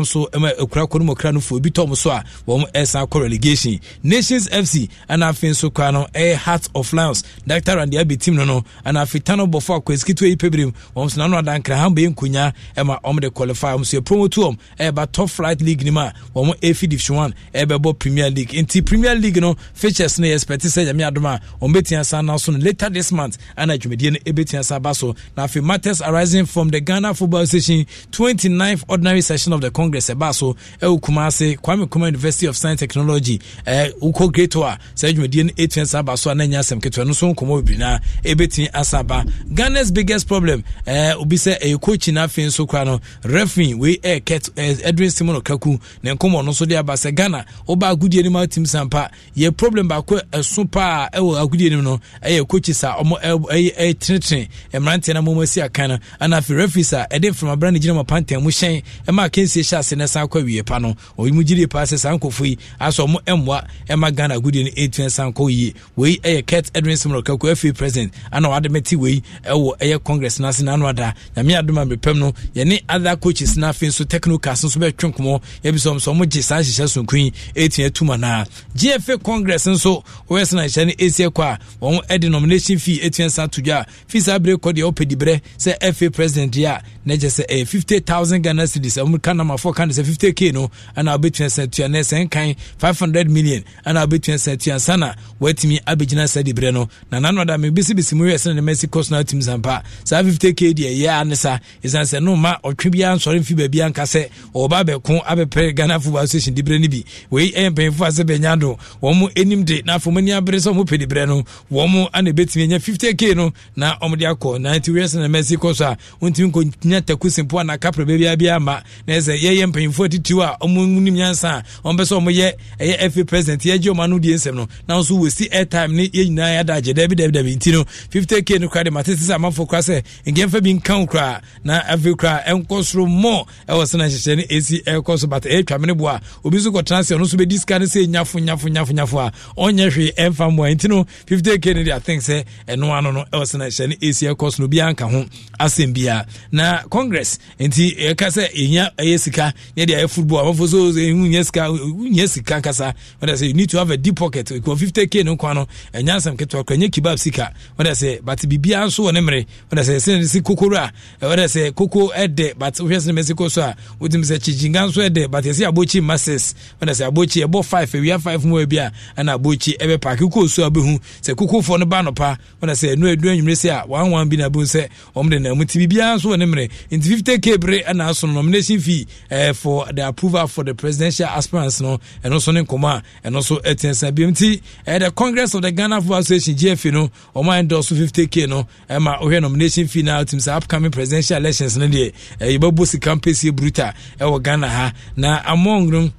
nam so ma akura kɔ no mɔkra no fo obi tɔm so a wɔn ɛsan kɔ relegation nations fc ɛna afei nso kora no ɛyɛ heart of lions dr randy abi team no no ɛna afei tano bɔfo akwesi ketewa yi pɛbirim wɔn so nanu adankra ha mbɛyɛ nkonya ɛma wɔn de qualify wɔn so yɛ promo to wɔn ɛyɛ ba top flight league nim a wɔn efi division one ɛbɛbɔ premier league nti premier league no features no yɛ expect sɛ nyame adom a wɔn bɛtia san na no later this month ɛna dwumadie no ɛbɛtia san ba so na afi matters arising from the ghana football association 29th ordinary session of the congress ɛba so ɛwɔ kuma ase kwame kuma university of science technology ɛɛ wokɔ great hɔ a saa dwumadie no etua saa aba so a n'anya asɛm ketewa no nso nkɔmɔ bebree na ebetumi asa aba ghana's biggest problem ɛɛ obi sɛ ɛyɛ kochi na afei nso kora no referee wei ɛyɛ kɛt ɛɛ edwin simon kaku ne nkɔmɔ no nso de aba sɛ ghana ɔba agudie no mu atim sampa yɛ problem baako ɛso paa ɛwɔ agudie no mu no ɛyɛ kochi saa ɔmo ɛɛ ɛɛ tenetene mmeranteɛ na mɔmɔ si akan no ɛna afei referee sa, ɛde mframabra ne gyina mu apantan mu hyɛn ɛma akansie ɔhyɛ ase na san kɔ awie pa no ɔyi mu gyidie paa sɛ saa nkɔfo yi asɔ ɔmo mmoa ɛma ghana agudie no ɛtumi san kɔ yie wei ɛyɛ ket edwin simro kako afei president ana wade mɛte wei ɛwɔ ɛyɛ congress no na naano ada nyame adom a mepɛm no yɛne other coaches no afei nso technocas nso bɛtwe nkɔmmɔ yɛbi sɛ ɔmo sɛ gye saa nhyehyɛ sonko yi ɛtumi atum anaa gfa congress nso wɔyɛ na nhyehyɛ no ɛsie kɔ a wɔn ɛde nomination fee ɛtumi san to dwa fii saa berɛ kɔ deɛ ɔpɛ diberɛ sɛ fa president deɛ a na gye sɛ ɛyɛ 50000 ghana cedis ɛmo ka nama afɔ kan sɛ fifty k no ɛna wobɛtua sɛtua nɛ sɛ nkan five hundred million ɛna wobɛtua sɛtua sana wɔatumi abɛgyina sɛ de berɛ no na nano da mebisibisi mu wɛ sɛ ne mɛsi kɔ so no atim sampa saa 50 k deɛ ɛyɛ a ne sa ɛsiane sɛ no ma ɔtwe biara nsɔre mfi baabi anka sɛ ɔba bɛko abɛpɛ ghana football association de berɛ no bi wei ɛyɛ mpanyimfoɔ a sɛ bɛnya do wɔn mo anim de na afɔ mo ani abere sɛ wɔn pɛ de berɛ no wɔn mo ana ɛbɛtumi anya fifty k no na wɔn de akɔ na nti wɛ sɛ ne mɛsi kɔ so a wɔntumi nkɔ nya taku simpo a na kapra baabi abia ama na ɛsɛ yɛ yɛyɛ mpanyimfoɔ atitio a ɔmo nim nyansa a ɔmo pɛ sɛ ɔmo yɛ ɛyɛ fa president yɛgye ɔmo ano die nsɛm no nanso wɔsi airtime ne yɛ nyinaa yɛada agye dɛbi dɛbi dɛbi nti no fifty k no kora de matete sɛ amanfoɔ kora sɛ nkɛmfa bi nka wo na afei kora ɛnkɔ soro mɔ ɛwɔ sena nhyehyɛ ne ɛsi ɛkɔ so bata ɛtwa mene boa obi nso kɔtena sɛ ɔno nso bɛdi sika no sɛ nyafo nyafo nyafo nyafo a ɔnyɛ hwee ɛmfa mmoa nti no fifty k no de athen sɛ ɛno ano no ɛwɔ sena nhyehyɛ ne ɛsi ɛkɔ so no obiaa nka ho asɛm biara na congress nti ɛka sɛ ɛhia ɛyɛ sika sika nyɛ deɛ ɛyɛ football amafo so eh, nyɛ sika nyɛ sika kasa wɔde sɛ you need to have a deep pocket kò fifty k no kwan no ɛnya nsɛm ketewa kora nyɛ kebab sika wɔde sɛ but biribiara nso wɔ ne mmerɛ wɔde sɛ ɛsɛn si kokoro a wɔde sɛ koko ɛdɛ but wohwɛ sɛ mɛsi ko so a wotumi sɛ kyikyinga nso ɛdɛ but yɛsi e abokyi ma six wɔde sɛ abokyi ɛbɔ five ewia five mu ebi a ɛna abokyi ɛbɛ paaki ko so abehu sɛ kokofoɔ no ba nɔpa wɔde sɛ enu edu enyimire sɛ a one one bi na ebu sɛ wɔn de na mu ti biribiara nso wɔ ne mmerɛ nti fifty k bere ɛna aso nomination fee uh, for the approval for the presidential aspirants no and also Nkoma, and also Etienne nso ɛtɛn eh, the congress of the ghana football association gfa know, Oma endorsed fifty k no ɛma eh, ɔhwɛ nomination final teams, tim upcoming presidential elections no deɛ ɛyɛ bɛbɔ sika mpɛsie bruta ɛwɔ ghana ha na among no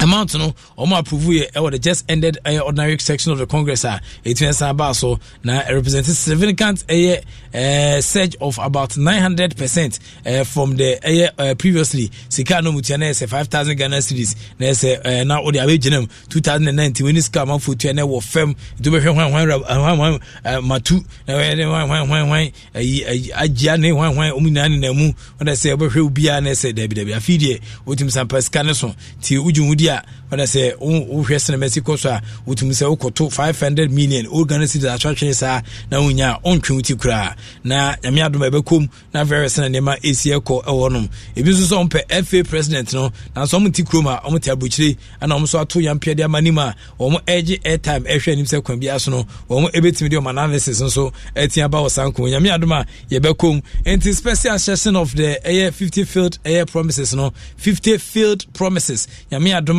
amount no ɔmo approve yɛ ɛwɔ the just ended ɛyɛ eh, ordinary section of the congress a etu ɛsan aba so na represent significant ɛyɛ ɛɛ surge of about nine hundred percent ɛɛ from the ɛyɛ ɛɛ previously sika anam tia na ɛsɛ five thousand ghana series. na ɛsɛ ɛɛ na ɔde abe gyina mu two thousand and nineteen wɛni sika amanfo tia na ɛwɔ fam etu bɛhwɛ hwan hwan ra hwan hwan ɛɛ matu na hwan hwan hwan hwan ɛyi ɛyi agyia ne hwan hwan ɔmo nyinaa nenam mu ɔna ɛsɛ ɛbɛhwɛ obiara na ɛsɛ yeah ɔna sɛ wohwɛ sinamasi kɔ so a wotumi sɛ wokɔto 500 million organic cities atwatwene saa na wonya ɔntwe wo ti koraa na nyame adom a ɛbɛkɔm na afei sɛ na nneɛma ɛsi ɛkɔ ɛwɔ nom ebi nso sɛ ɔmpɛ fa president no nanso ɔmte kurom a ɔmte abokyire ana ɔm nso ato yampeɛ de ama nim a wɔn ɛgye airtime ɛhwɛ anim sɛ kwan biara so no wɔn ɛbɛtumi de wɔn analysis nso ɛtia aba wɔ sanko nyame adom yɛbɛkɔm nti special session of the ɛyɛ 50 field ɛyɛ promises no 50 field promises nyame adom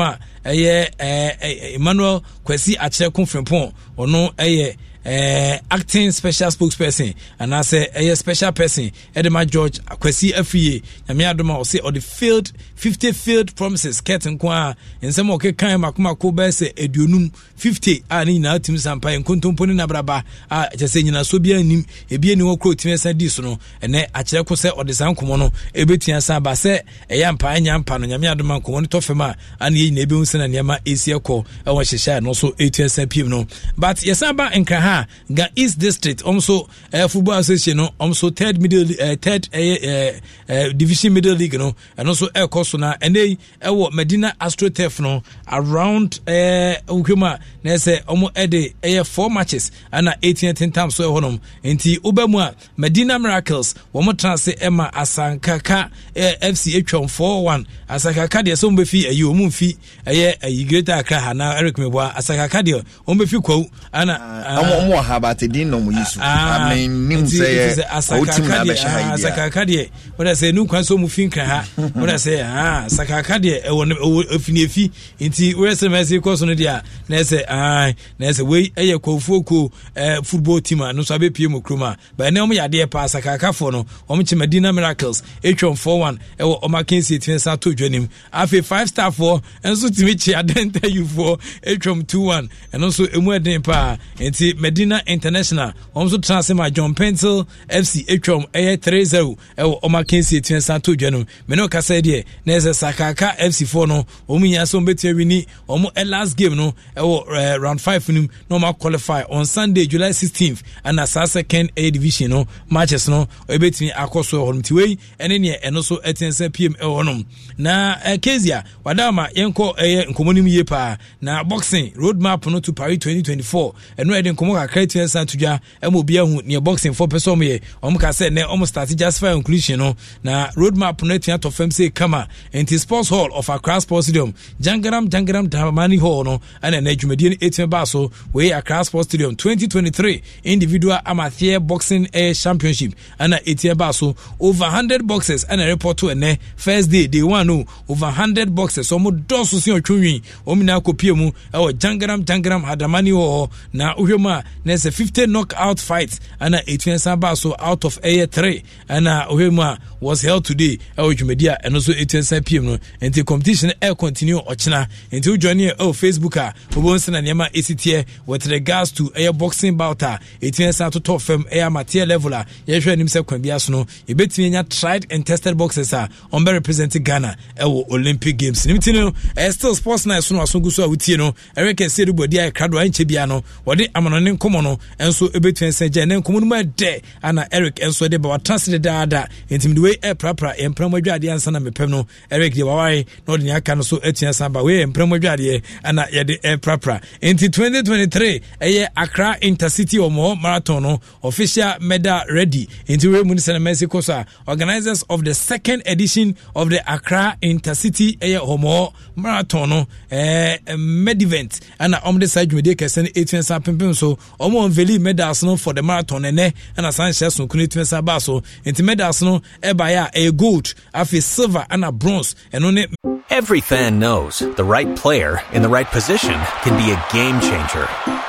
ɛyɛ eh, eh, emmanuel kwasi akyerɛ ko frimpɔn ɔno ɛyɛ eh, acting special spokesperson anaasɛ ɛyɛ eh, special person ɛde ma george akwasi afie nyame adom a ɔse ɔde field 50 field promises ket nko a nsɛm a ɔkekan makomako bɛɛ sɛ aduonum 50 a ah, ne nyinaa tumi sampa nkontompo ne nabraba a kyɛ sɛ nyinaso biara nim ebi ani hɔ koro tumi ɛsan dii so no ɛnɛ akyerɛ ko sɛ ɔde saa nkɔmmɔ no ɛbɛtua san e ba sɛ ɛyɛ e mpa ɛnyɛ e mpa no nyame adom a nkɔmmɔ no tɔ fam a ana yɛ nyinaa ɛbɛhu sɛ na nneɛma ɛsi ɛkɔ ɛwɔ hyehyɛ a ɛno nso ɛtua san piem no but yɛsan ba nkraha a ga east district also uh, eh, football association know, also third middle uh, third uh, uh, division middle league you know, and also so na and yi ɛwɔ medina Astro you know, around wohwɛm a na ɛsɛ ɔmo ɛde ɛyɛ four matches and ɛna 18 times so ɛhɔ nom nti woba mu medina miracles wɔn tena ase Emma asankaka fc atwam 4-1 asankaka There is some wɔn bɛfi ayi wɔn mfi ɛyɛ ayi greater accra ha eric meboa asankaka deɛ wɔn bɛfi kwawu ɛna. ɔmo wɔ ha but ɛdin na ɔmo yi so ah, ah, amenim sɛ yɛ ɔwotim na abɛhyɛ ha ah, yi bia sakaka deɛ wɔde sɛ ɛnu kwan so ɔmo fi nkra ha wɔde sɛ aa sakaka deɛ ɛwɔ ɛwɔ efiniefi nti wɔyɛ sɛ mɛsi kɔ so no deɛ na ɛsɛ aa na ɛsɛ wei ɛyɛ kɔfuo ko ɛɛ eh, football team a no so abɛpie mo kurom a bɛn ne ɔmo yɛ adeɛ paa sakakafoɔ no ɔmo kyɛ medina miracles atwam four one ɛwɔ ɔmo akansi etimi nsa ato dwa nim afei five star foɔ ɛnso timi kyi adanta yufoɔ atwam two one ɛno nso emu ɛden paa nti medina international wɔn nso transfer ase ma john Pencil fc atwam ɛyɛ three zero ɛwɔ ɔma kensi etia san to dwa no mene ɔkasa deɛ na ɛsɛ sakaka fc four. no wɔn nyinaa sɛ wɔn bɛtua wini wɔn last game no ɛwɔ round five nim na wɔn qualify on sunday july sixteenth ɛna saa second ɛyɛ division no matches no ɛbɛtumi akɔ so ɛwɔ hɔ nom tiwei ɛne neɛ ɛno so ɛtena sɛ pm ɛwɔ nom na ɛkezia wada ama yɛnkɔ ɛyɛ nkɔmɔ nim yie paa na boxing road map no to paris twenty twenty four ɛno ɛde nkɔmɔ kakra tia san to dwa ma obi ahu neɛ boxing fo pɛ sɛ ɔmo yɛ ɔmo ka sɛ nɛ ɔmo start justify inclusion no na roadmap map no atua tɔ fam sɛ kama nti sports hall of accra sports stadium jangaram jangaram damani hall no ɛna na dwumadie no ɛtumi baa so wɔyɛ accra sports stadium 2023 individual amateur boxing air championship ɛna ɛtumi baa so over 100 boxes ɛna report to ɛnɛ first day day one no over 100 boxes ɔmo dɔɔso si ɔtwe nwi ɔmo nyinaa kɔ mu ɛwɔ jangaram jangaram adamani hall na wohwɛ mu a na sɛ 50 knockout fight ana ɛtumi san baa so out of ɛyɛ three ɛna ɔhwɛ mu a was held today ɛwɔ dwumadi a ɛno nso ɛtumi san pm no nti competition ɛ continue ɔkyena nti wojoine ɛwɔ facebook a wobɛhu sɛ na nneɛma ɛsitiɛ with regards to ɛyɛ boxing bout a ɛtumi san totɔ fam ɛyɛ amateɛ level a yɛhwɛ anim sɛ kwan bi aso no yɛbɛtumi anya tried and tested boxes a ɔmbɛ represent ghana ɛwɔ olympic games nim ti no ɛyɛ still sports night so no aso gu so a wotie no ɛrɛ kɛseɛ no bɔdi a ɛkra do a ɛnkyɛ bia no wɔde amanɔne nkɔmɔ no nso ɛbɛtumi nsɛn gya ɛnɛ nkɔmɔ no mu ɛdɛ ana eric nso de ba watena se dedaada nti mede wei ɛprapra yɛ adwadeɛ ansa na mepɛm no eric deɛ waware na ɔde neaka no so atua san ba wei yɛ adwadeɛ ana yɛde ɛprapra nti 2023 ɛyɛ accra intercity ɔmɔ marathon no official medal ready nti wei mu no sɛne mɛsi kɔ so a organisers of the second edition of the accra intercity ɛyɛ ɔmɔ marathon no ɛɛ medivent ɛna ɔmde saa dwumadie kɛsɛ no ɛtua san pempem so ɔmo nveli medals no for the marathon ɛnɛ ɛna san hyɛ tumi sa nti medals no a ɛyɛ gold afei silver ɛna bronze ɛno ne. every fan knows the right player in the right position can be a game changer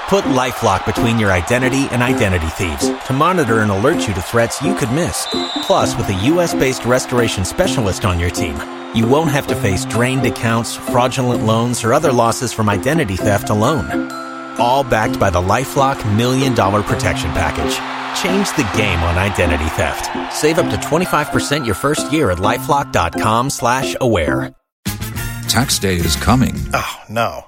put lifelock between your identity and identity thieves to monitor and alert you to threats you could miss plus with a us-based restoration specialist on your team you won't have to face drained accounts fraudulent loans or other losses from identity theft alone all backed by the LifeLock Million Dollar Protection Package. Change the game on identity theft. Save up to 25% your first year at LifeLock.com slash aware. Tax day is coming. Oh, no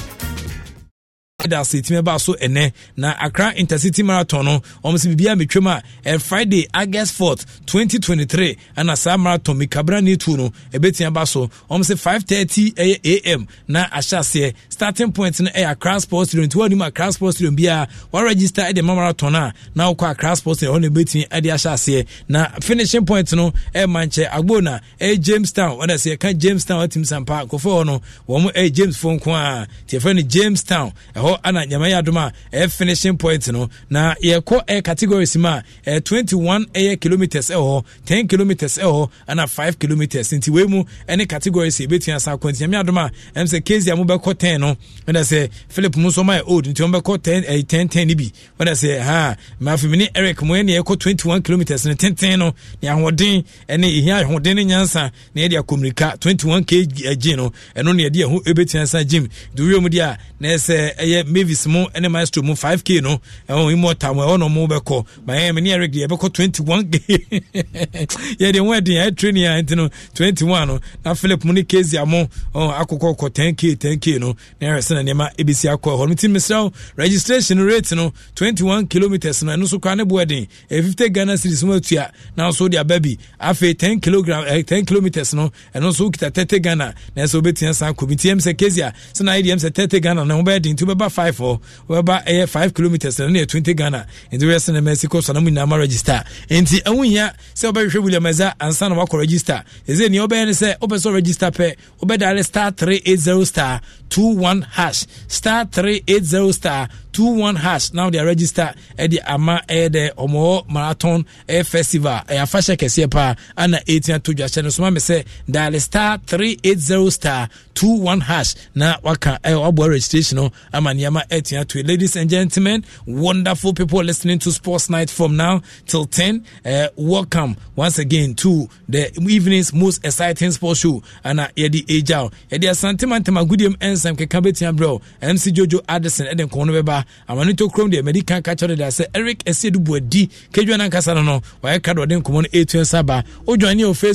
ɛda ase tumi ɛba so ɛnɛ na Accra intercity marathon no wɔn nso biribi a metwam a eh, Friday August 4th 2023 ɛna saa marathon kabra ni tu no ɛbɛtumi aba so wɔn nso 5:30 ɛyɛ am na ahyɛ aseɛ starting point no ɛyɛ Accra sports stadium nti wɔn anim Accra sports stadium biara wɔn register ɛde ma marathon a na wɔkɔ Accra sports stadium ɛhɔ na ɛbɛtumi ɛde ahyɛ aseɛ na finishing point no ɛyɛ Manchɛ na ɛyɛ Jamestown wɔn ɛsɛ ɛka Jamestown ɛtim sampa akɔfo hɔ no wɔn ɛyɛ James fo nko a tiɛfɛ no Jamestown ɛhɔ ana nyama yɛ adom a ɛyɛ finishing point no na yɛkɔ ɛyɛ categories mu a ɛyɛ 21 ɛyɛ kilometers ɛwɔ ten 10 kilometers ɛwɔ hɔ ana 5 kilometers nti wei mu ɛne categories yɛbɛtua asa akɔ nti nyama yɛ adom a ɛm sɛ kezi a mobɛkɔ 10 no ɛna sɛ philip mu nso ma yɛ old nti wɔmbɛkɔ 10 ɛyɛ 10 10 no bi wɔna sɛ ha maafimi ne eric mo ɛne yɛkɔ 21 kilometers no ten no ne ahoɔden ɛne ɛhia ahoɔden ne nyansa na yɛde twenty one kg no ɛno ne yɛde ɛho ɛbɛtua asa gym nti wei mu deɛ a na ɛyɛ ɛyɛ mavis mu ne maestro mu 5k no ɛwɔ mu ɔtam ɛwɔ na ɔmo bɛkɔ miami ne eric deɛ ɛbɛkɔ 21 k yɛde ho ɛden ɛyɛ training a nti no 21 no na philip mu ne kezia mu akokɔ kɔ 10k 10k no na ɛhwɛ sɛ na nneɛma ABC. akɔ hɔ no ti mesrɛ registration rate no 21 kilometers no ɛno so kora ne bo ɛden ɛyɛ 50 ghana series mu atua na so de aba bi afei 10 kilogram 10 kilometers no ɛno nso kita 30 ghana na ɛsɛ wobɛtumi san kɔ bi nti ɛm sɛ kezia sɛ na ayɛ deɛ ɛm sɛ 30 ghana na ho bɛyɛ den nti wobɛba five hɔ wɔba ɛyɛ five kilometres na ɛyɛ twenty ghana nti wɔyɛ sɛ na mɛsi kɔ sɔnna mu nyinaa ma register nti ɛho hia sɛ wɔbɛhwehwɛ william ɛza ansa na wakɔ register ɛsɛ nea wɔbɛyɛ ne sɛ wɔbɛ sɛ register pɛ wɔbɛdaale star three eight zero star two one hash star three eight zero star two one hash now they are register ɛde ama ɛyɛ dɛ ɔmɔ marathon ɛyɛ festival ɛyɛ afahyɛ kɛseɛ paa ana eighteen ato dwa hyɛ no soma mi sɛ daale star three eight zero star two one hash na waka ɛyɛ wɔabɔ registration no ama ne Ladies and gentlemen, wonderful people listening to Sports Night from now till 10. Uh, welcome once again to the evening's most exciting sports show. And Eddie Ajao. Eddie Santiman Tamagudium Ensam Kekabetia Bro, MC Jojo Addison, Eden Konobeba, Amanito Chrome, the American catcher that I said Eric Esidubu D. Kejuan Casano, why Cado Den Common A2 ba. or join Facebooka.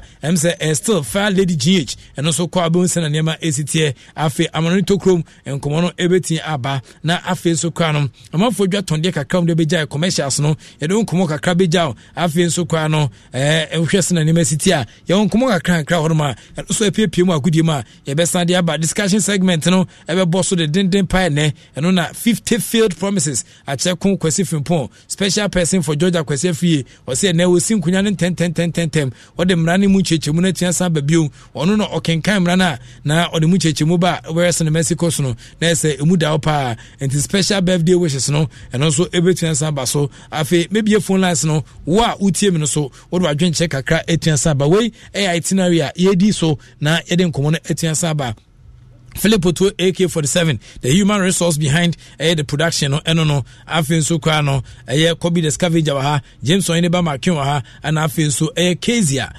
Facebook, MC eh, still Fair Lady GH, and also Kwabun Senanema ACTA, Afe Amanito Chrome, and Komono ebeti. abɛtumi aba na afei nso koraa no amanfoɔ dwa tɔndeɛ kakra mu de bɛgya commercials no yɛde wo nkɔmmɔ kakra bɛgya o afei nso koraa no ɛhwɛ sena nneɛma si ti a yɛwɔ nkɔmmɔ kakra nkra hɔ nom a ɛno so apiepie mu agodie mu a yɛbɛsan de aba discussion segment no ɛbɛbɔ so de denden pa ɛnɛ ɛno na fifty failed promises akyerɛ ko kwasi fimpɔn special person for georgia kwasi afie ɔsɛ ɛnɛ wɔsi nkonya no ntɛmtɛmtɛmtɛm wɔde mmara ne mu nkyɛkyɛmu no atua san ba bio ɔno na ɔkenkan mmara a na ɔde mu nkyɛkyɛmu ba wɛrɛ sene mexico so no na ɛsɛ ɛmu da hɔ paa nti special birthday wishes no ɛno nso ɛbɛtua san ba so afei mebie phone lines no wo a wotie mu no so wode wadwenkyɛ kakra atua san ba wei ɛyɛ itinerary a yɛdi so na yɛde nkɔmmɔ no atua san ba philip otuo ak47 the human resource behind ɛyɛ eh, the production eh, no ɛno no afei nso koraa no ɛyɛ eh, kobi the scavenger wɔ ha james ɔyene ba maken wɔ ha ɛna afei nso ɛyɛ kasia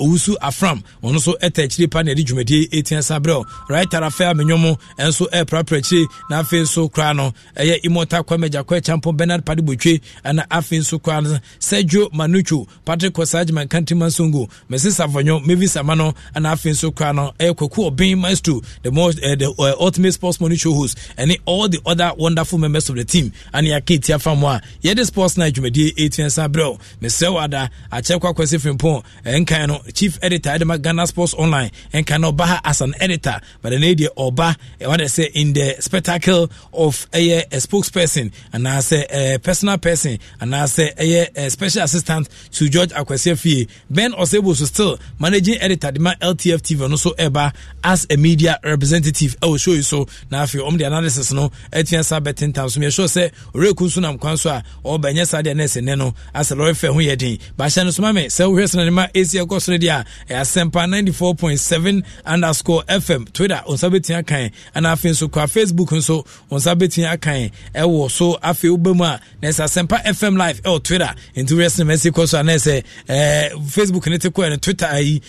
owusu afram ɔno nso ɛta akyire pa na ɛde dwumadie ɛtia sa berɛ right arafɛ amenwom ɛnso ɛɛprapra akyire na afei nso koraa no ɛyɛ imota kwamagyakoa champo bernard pade botwe ɛna afei nso koraa no sergio manucho patrick osage mankanti mansongo Mrs savonyo mavis ama no ɛna afei nso koraa no ɛyɛ kwaku obin maestro the more uh, the uh, Ultimate Sports money Show host and all the other wonderful members of the team. And your kid here from one. Yeah, the sports night, you may be 18 Sabro, Mr. Wada, Achekwa Kwesi Frimpon, and Kano, Chief Editor, Edema Ghana Sports Online, and Kano Baha as an editor, but the lady Oba, eh, what I say in the spectacle of a, eh, a spokesperson, and I say a eh, personal person, and I say a, a special assistant to George Akwesi Ben Osebo is still managing editor, the LTF TV, and also Eba as a media representative. representative ɛwɔ show yi so na afei ɔmo de analysis no ɛtua sa bɛtentam so meyɛ sure sɛ ɔreku nso nam kwan so a ɔɔba ɛnyɛ saa deɛ nɛɛsɛ nɛ no asɛ lɔre fɛ ho yɛ den baahyɛ no soma me sɛ wohwɛ sena ne ma ɛsi ɛkɔ soro deɛ a ɛyɛ asɛmpa seven underscore fm twitter ɔnsa bɛtua kan ana afei nso kɔa facebook nso ɔnsa bɛtua kan ɛwɔ so afei wobɛ mu a na ɛsɛ asɛmpa fm live ɛwɔ twitter nti wohwɛ sena mɛsi kɔ so a na ɛsɛ facebook ne te kɔɛ twitter yi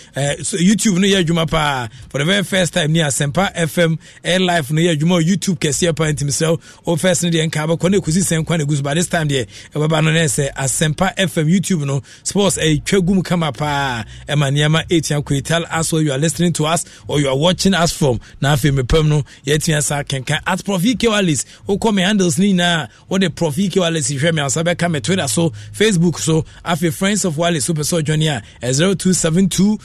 youtube no yɛ adwuma paa for the very first time ni asɛmpa fm fm airlife no yɛ adwuma youtube kɛseɛ pa ntim sɛ wofɛs no deɛ nka bɛkɔ na ɛkɔsi sɛn kwan ɛgu so but this time deɛ ɛbɛba no no sɛ asɛmpa fm youtube no sports ɛtwa gum kama paa ɛma nneɛma ɛtua kɔ tell us where you are listening to us or you are watching us from na afei mepam no yɛatua saa kenkan at prof ek wallace wokɔ me handles no nyinaa wode prof ek wallace hwɛ me ansa bɛka me twitter so facebook so afei friends of wallace wopɛ sɛ ɔdwane a 0272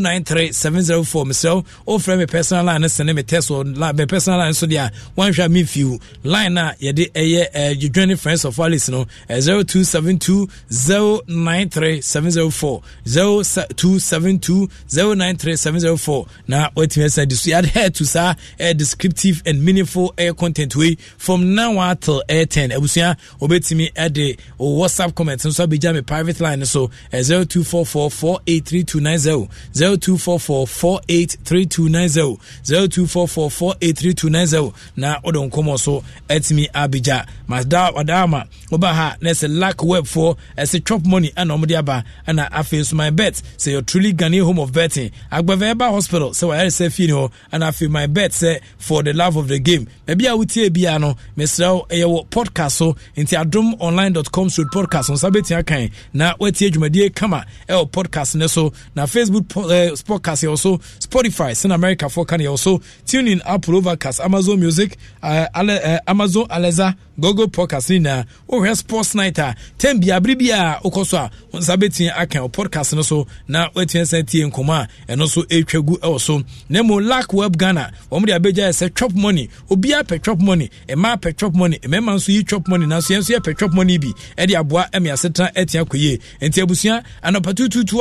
093 704 mesrɛ wofrɛ me personal line ne sene me test or my personal line so there one shall me few line a yɛde ɛyɛ dwedwene friends of alice no eh, zero two seven two zero nine three seven zero four zero two seven two zero nine three seven zero four na wetin yɛ sɛ de We yɛade to a eh, descriptive and meaningful air eh, content wei from now on till ten abusua ah, obetumi the oh, whatsapp comment nso abegya me private line so zero two four four four eight three two nine zero zero two four four four eight three two nine zero zero two four four four eight three two nine zero na ɔde nkɔmɔ so ɛtumi abigya masda ɔda ama ɔba ha na ɛsɛ lack web foɔ ɛsɛ chop money ɛna ɔmo de aba ɛna afei nso my bet sɛ yɛ truly ghanaian home of betting agbɛvɛ ɛba hospital sɛ wɔayɛ sɛ fie ni hɔ ɛna afei my bet sɛ for the love of the game baabi a wotie bia no mesrɛ ɛyɛ wɔ podcast so nti adom online dot com so podcast nsa bɛtua kan na wɔatie dwumadie kama ɛwɔ podcast ne so na facebook eh, podcast yɛwɔ so spotify sin america fo ka ne yɛwɔ so Tune in apple overcast amazon music uh, ale, uh, amazon alexa google podcast ne nyinaa wohwɛ sports night a tam bia bere bi a wokɔ so a wo nsa bɛtumi aka wo podcast no so na woatumi san tie nkɔmmɔ a ɛno nso ɛtwa gu ɛwɔ so na mmom lack web ghana wɔm de abɛgya yɛ sɛ chop money obiaa pɛ chop money mmaa pɛ chop money mmarima nso yi chop money nanso yɛn nso yɛpɛ chop money bi ɛde aboa ɛma yɛasetena kɔ yie nti abusua anɔpa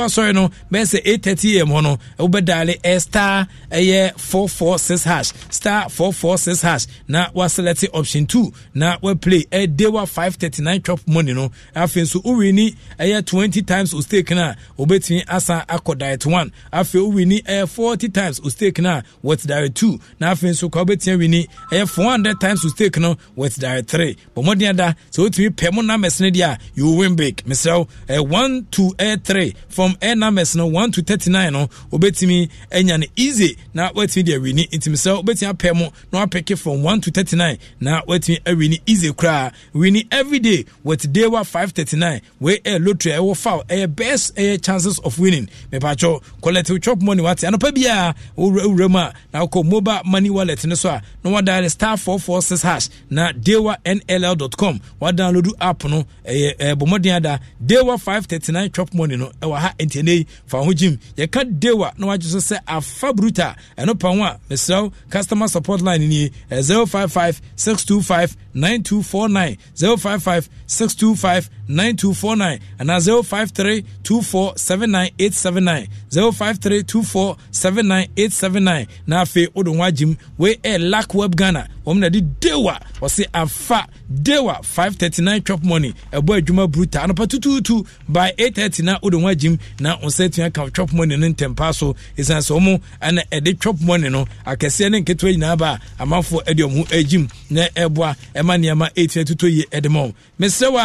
asɔre no bɛyɛ sɛ 830am hɔ no wobɛdaale ɛstar ɛyɛ 446 six hash star four four six hash na waselect option two na waplay ɛde e wa five thirty nine chop money no afei nso owini ɛyɛ e twenty times o stake na obetumi asan akɔ diet one afei owini ɛyɛ e forty times o stake na wet diet two na afei nso kwa obetumi wini ɛyɛ four hundred times o stake no wet diet three bɔmɔden ada sɛ otumi pɛ mo numbers ne deɛ a you win big mesrɛw ɛyɛ one to ɛyɛ three from ɛyɛ numbers no one to thirty nine no obetumi ɛnya no easy na wetumi deɛ wini nti ɛtim sɛ wobɛtumi apɛ mu na wapɛke from 1 to 39 na woatumi awini easy koraa wini everyday with dewa 539 wei ɛyɛ lottery ɛwɔ foul ɛyɛ best ɛyɛ chances of winning mepakyɛw collective chop money wate anɔpa biaa wowura mu a na wokɔ mobile money wallet no so a na wadaale star 446 hash na dewa NLL nll.com wadownload app no ɛyɛ ɛbɔ mmɔden ada dewa 539 chop money no ɛwɔ ha ntianei fa ho gyim yɛka dewa na wagye so sɛ afa bruta ɛno pa ho a mesrɛ Abuja customer support line ni eh, 055 625 9249 055 625 9249 ana 053 24 79879 053 24 79879 na afei wode ho agyem we ɛ lack web ghana wɔn na de dewa wɔsi afa dewa five thirty nine chop money ɛbɔ adwuma bruta anapa tutuutu by eight thirty na o de wɔn agyim na nsa tua ka chop money no ntɛmpa so esan sɛ wɔn ɛna ɛde chop money no akɛseɛ ne nketewa nyinaa ba amanfoɔ ɛde wɔn ho agyim na ɛboa ɛma nneɛma etia tutu yie ɛde ma wɔn mesrɛw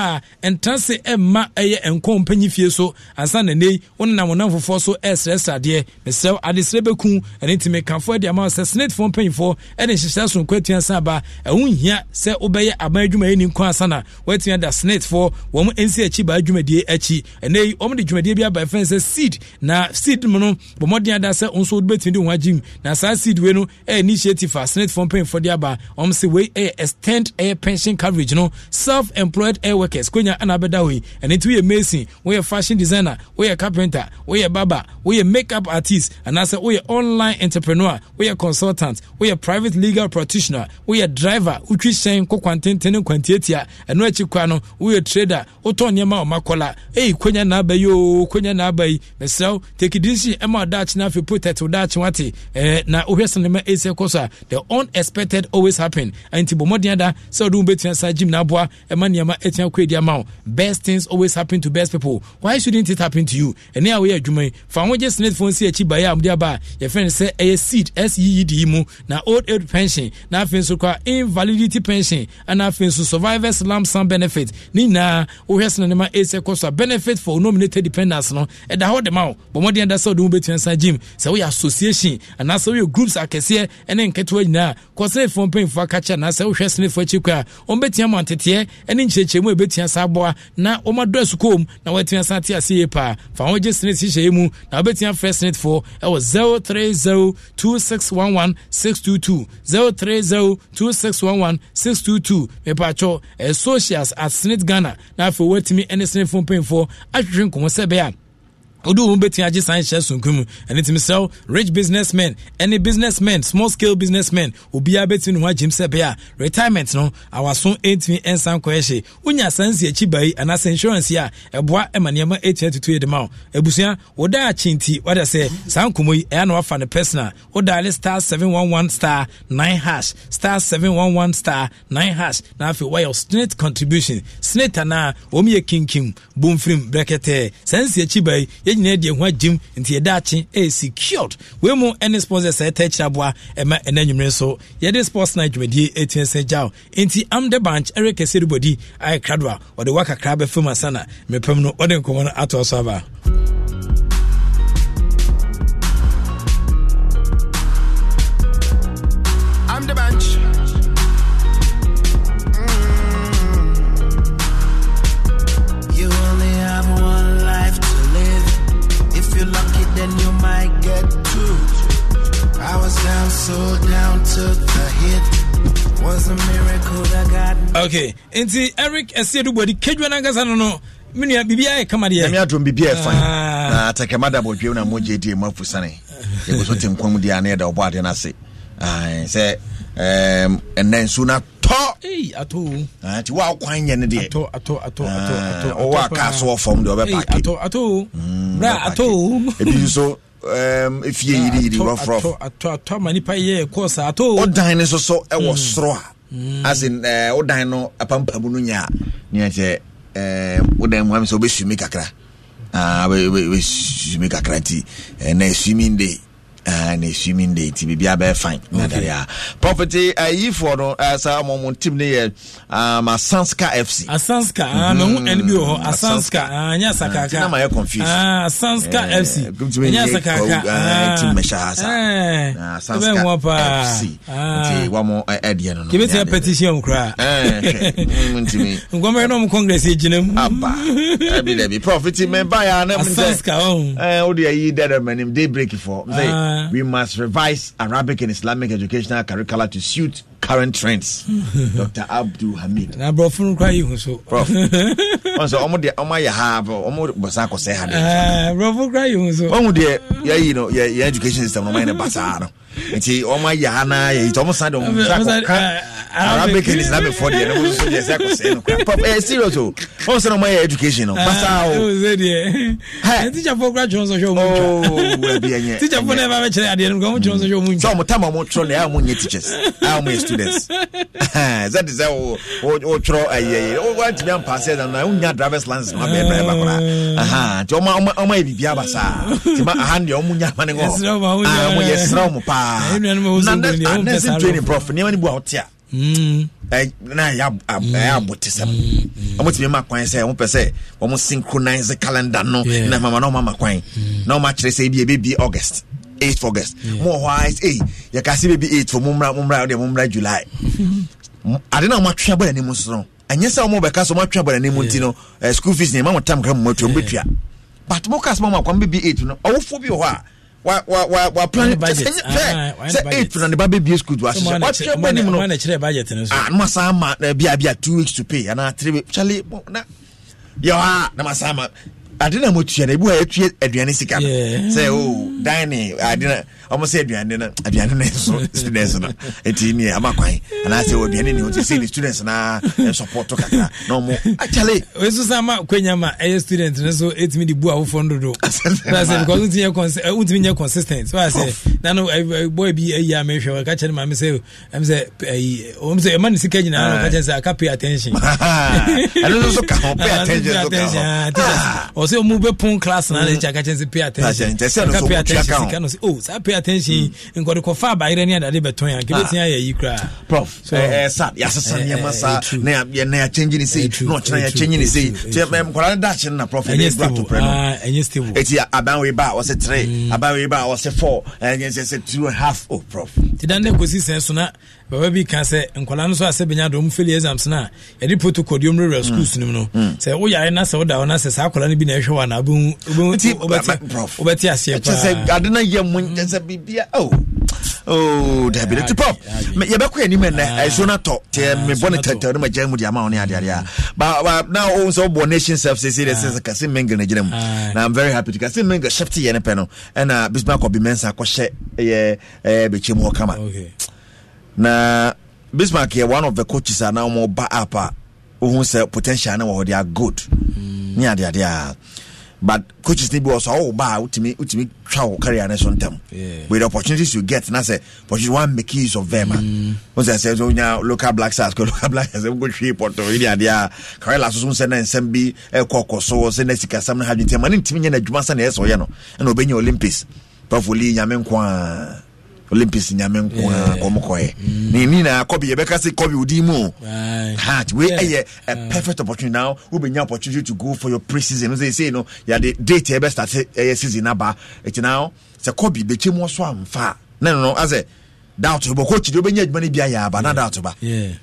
a ntanse ɛma ɛyɛ nkɔn mpanyin fie so ansa na ne wɔnenam wɔnam fofoɔ so ɛsrɛsrɛ adeɛ mesrɛw adesrɛ bɛku ɛne ntumi kanfoɔ ɛde ama wɔn sɛ senate fo san aba ɛho nhia sɛ wobɛyɛ aban adwuma yɛni nko asa na woatumi ada snatefoɔ wɔn nsi akyi baa dwumadie akyi ɛnɛ yi wɔn dwumadie bi aba ɛfɛn sɛ seed na seed mu no bɔmmɔden ada sɛ nso wobɛtumi de wɔn agye mu na saa seed wei no ɛyɛ initiative a snatefoɔ mpanyinfoɔ de aba wɔn sɛ wei ɛyɛ extend ɛyɛ pension coverage no self employed air workers konya ɛna abɛda hɔ yi ɛne ti woyɛ mason woyɛ fashion designer woyɛ carpenter woyɛ barber woyɛ makeup artist anaasɛ woyɛ online entrepreneur woyɛ consultant woyɛ private legal practitioner woyɛ driver wotwi sɛn kɔ kwantenten ne kwantietia ɛno akyi kwa no woyɛ trader wotɔ nneɛma ɔma kɔla ei konya na aba yi o konya na aba yi mesrɛ wo take decision ɛma ɔdaakye no afei protect wo daakye wate eh, na wohwɛ sinema ɛsɛ kɔ so a the unexpected always happen ɛnti bɔ mmɔden ada sɛ wode wo bɛtumi saa gyim no aboa ɛma nneɛma ɛtumi akɔ adi ama wo best things always happen to best people why shouldn't it happen to you ɛne a woyɛ adwuma yi fa ho gye phone si akyi baeɛ a mode aba a yɛfrɛ no sɛ ɛyɛ seed seed e mu na old age pension na afei nso kora invalidity pension ɛna afei nso survivors lump sum benefit ne nyinaa wohwɛ sena ne ma ɛsɛ kɔ so a benefit for nominated dependents no ɛda e hɔ de ma wo bɔ mmɔden da sɛ wode mu bɛtua nsa gym sɛ woyɛ association anaasɛ woyɛ groups akɛseɛ ne nketewa nyinaa kɔsenefoɔ mpanyimfoɔ aka kyɛ anaasɛ wohwɛ senefoɔ akyi kora ɔmbɛtua ma nteteɛ ne nkyerɛkyerɛmu a ɛbɛtua sa aboa na ɔmadɔ sukuu na wɔatua sa te ase yie paa fa ho gye senate hyehyɛeɛ mu na wobɛtua frɛ senatefoɔ ɛwɔ 030 2611 622 030 2611 622 mepatwɔ ɛsocials at Snit ghana na afei wɔatumi ne senate fo mpanyinfoɔ ahwehwɛ nkɔmmɔ sɛ bɛyɛ a odu wo bɛtumi agye saa nhyɛ sonko mu ɛno tumi sɛ rich businessmen ɛne businessmen small scale businessmen obiara bɛtumi ne ho agyem sɛ bɛɛ retirement no awaso ɛntumi ɛnsa nkɔɛ hye wonya saa nsi akyi ba yi anaasɛ insurance yi a ɛboa ma nneɛma ɛtumi atutu yɛde ma wo abusua woda akye nti wada sɛ saa nkɔmmɔ yi ɛa na wafa no personal wodaale star 711 star 9 hash star 711 star 9 hash na afei woayɛ snate contribution snate anaa wɔm yɛ kinkim bomfirim brɛkɛtɛɛ saa nsi akyi ba yɛn nyinaa deɛ ho agyim nti yɛda akye ɛyɛ secured wei mu ɛne sponsor sɛ ɛtɛ akyire aboa ɛma ɛna nwumere so yɛde sports night dwumadie ɛtua sɛ gyaw nti amde banch ɛrɛ kɛse de bɔdi ayɛ krado a ɔde wakakra bɛfam asana mepam no ɔde nkɔmmɔ no atoa so aba Okay, nti Eric ɛsi edubodi kedwa n'ankasa no no minua biribiara yɛ kama deɛ. Nyame adum biribiara yɛ fan ah. na atakama da bɔ dwem na mo gye die mo afusane yɛgu so te nkɔm di ane yɛda ɔbɔ ade n'ase sɛ ɛnɛ nsuo na tɔ. Ato. Nti wa kwan yɛ ne deɛ. Ato ato ato ato ato. Ɔwɔ a kaa so wɔ fam deɛ ɔbɛ paaki. Ato ato. Mm, Bra ato. Ebi efie yiri yiri wɔfrɔ atɔ atɔ ma nipa yɛ kɔɔsa atɔ. ɔdan ne soso ɛwɔ soro a as in ɛɛ eh, ɔdan no apampam no nya ne yɛ kyɛ ɛɛ ɔdan mu ami sɛ ɔbɛ sumi kakra aa ɔbɛ ɔbɛ ɔbɛ sumi kakra ti ɛɛ na esumi de. Eh, and assuming they ti bibi abɛ fine na Property. a eh, if for. no ɛsɛ eh, ɔmo mo team ne yɛ ah, asanska fc asanska aa mɛ ho ɛni bi wɔ hɔ asanska aa ah, n yɛ asakaka ah, tina ma confuse aa asanska fc n yɛ asakaka aa team mɛ hyɛ asa fc nti wɔn ɛdiɛ no no kebe tia petition kura nkɔmɛ n'ɔmo congress yɛ gyina mu aba ɛbi dɛbi property mɛ ba ya ne mu sɛ asanska ɔn ɛɛ o de ayi dɛdɛ day break fɔ n sɛ. we must revise Arabic and Islamic educational curricula to suit current trends. Dr. Abdul Hamid. Na bro fun kwa yi so. Prof. Onso omo de omo ya ha bro, omo bosa ko se ha. Eh, bro funu kwa yi so. Omo de ya yi no, ya education system no mind basa no. nti ɔmo ayɛ ha na yɛ ɔmo san de ɔmo nsa kɔka arabic and islamic fɔ deɛ ɛnɛmo soso deɛ ɛsɛ akɔsɛ no ɛ serious o ɔmo sɛ na ɔmo ayɛ education no basa ah, o. ɛwɔ sɛ deɛ ɛ teacher fo kura twɛn sɔhwɛ ɔmo ntwa ooo ɛbi ɛnyɛ teacher fo na ɛbɛ kyerɛ adeɛ no kɔn ɔmo twɛn sɔhwɛ ɔmo ntwa. sɛ ɔmo tam ɔmo twerɛ na ɛyɛ ɔmo nyɛ teachers ɛyɛ ɔmo yɛ students sɛ de sɛ o o twerɛ ɛyɛ o eh, wa ti bi ampa sɛ na o nya drivers license na ɔbɛn driver kora nti ɔmo ayɛ bibi abasa ti ma aha deɛ ɔmo nya amane kɔ ɔmo paa na se training prof nneɛma no bi a wote mm. a na ɛyɛ mm. abote sɛm mm. ɔmotumi ma kwan sɛ ɔmopɛ sɛ ɔmo synchronise calendar no na mama na ɔmama kwan na ɔmakyerɛ sɛ bi ɛbɛbi august 8 august mo wɔ hɔ a ei yɛkase bɛbi 8 fo mommra mommra wode mommra july ade na ɔmatwe abɔ n'anim so no ɛnyɛ sɛ ɔmo bɛka so ɔmatwe abɔ n'anim nti no school fees ne ɛma mo tam kra mo matu ɔmo bɛtua but mo ka sɛ mo ma kwan bɛbi 8 no ɔwofoɔ bi wɔ hɔ a wa wa wa wa plan budget sɛ ah, sɛ eight na ne ba bɛ bie school to ahyehyɛ wa kyerɛ bɛ nimu no ɔmɔ kyerɛ budget ne so ah noma san ma bia bia two weeks to pay ana three weeks na yɛ hɔ a ma ade na mo tuya na ebi wa yɛ tuya aduane ɔmo sɛ aduane no aduane no nso students no ɛti ne ama kwan anaasɛ wɔ aduane ne ɔte sɛ ne students na support kakra na ɔmo akyale ɛso sɛ ama kwanya ma ɛyɛ student no so ɛtumi de bu afoforɔ no dodo sɛ because wontumi eh, nyɛ consistent so sɛ na no eh, eh, boy bi ayi a mehwɛ ɔka kyɛ no ma me sɛ ɛm sɛ ɔm sɛ ɛma ne sika nyinaa no ɔka kyɛ sɛ aka pay attention ɛno no so ka ho pay attention so ka ho ah, ah. ɔsɛ ɔmu bɛpon class na ne kyɛ aka kyɛ sɛ pay attention aka pay attention sika no sɛ o oh, saa pay attention nkɔde kɔfa abayerɛ ne adade bɛtɔn a ah. nkɛbɛtumi ayɛ yi koraa prof sa yɛasesa eh, nneɛma eh, saa eh, na yɛkyɛngye ne sei na ɔkyena yɛkyɛngye ne sei nkɔda no dakye no na prof ɛnyɛ stable ah, ɛnyɛ stable ɛti aban wei ba a wɔsɛ tre mm. aban wei ba a wɔsɛ four ɛnyɛ sɛ two and half oh prof ti dan dɛ kɔsi sɛn so na baba bi ka sɛ nkɔla no so asɛ bɛnya dɔm fɛli exams no a yɛde protocol deɛ mmerɛwerɛ school so nom no mm. sɛ woyare na sɛ woda hɔ na sɛ saa akɔla no bi na ɛhwɛ wɔ anaa wobɛte aseɛ biribia oh. oh dabi yeah, de tipɔ yɛbɛkɔ anim ɛnɛ ɛso no atɔ tɛ mebɔ ne ah. tɛtɛw ah, ne magya mu de ama wo ne adeadeɛ a na wo sɛ wobɔ nation self sɛsɛ dɛ sɛ kase mengle no gyina mu ah. na i'm very happy to kase mengle hyɛpte yɛ ne pɛ no ɛna uh, bisma kɔbi mɛnsa kɔhyɛ ɛyɛ eh, bɛkyɛ mu hɔ kama na bismark yɛ one of the coaches a na wɔn ba app a wohu sɛ potential no wɔ hɔ they are good ne adeadeɛ a but coaches ni bi wɔ so awo ba a wotumi wotumi twa wo career ne so ntɛm yeah. with the opportunities you get na sɛ opportunity wan make use of them ah. mm. a wosɛ sɛ so wonya local black stars kɔ local black stars wokɔ hwee pɔtɔ yi deɛ adeɛ a karela so so sɛ na nsɛm bi ɛkɔkɔ so sɛ na sikasɛm no hadwe ntiama ne ntumi nyɛ no adwuma sɛ na ɛyɛ sɛ ɔyɛ no ɛna ɔbɛnya olympics pafoli nyame nko a olympics nyame nko a ɔmo kɔɛ mm. ni nyinaa kɔbi yɛbɛka se kɔbi odi mu heart we ɛyɛ a perfect opportunity now wobɛnya opportunity to go for your pre season no sɛ sei no yɛde date ɛbɛ start ɛyɛ season aba ɛti now sɛ kɔbi bɛkyɛ mu ɔso amfa ne no no asɛ doubt bɔ coach de obɛnya adwuma no bi ayɛ aba na doubt ba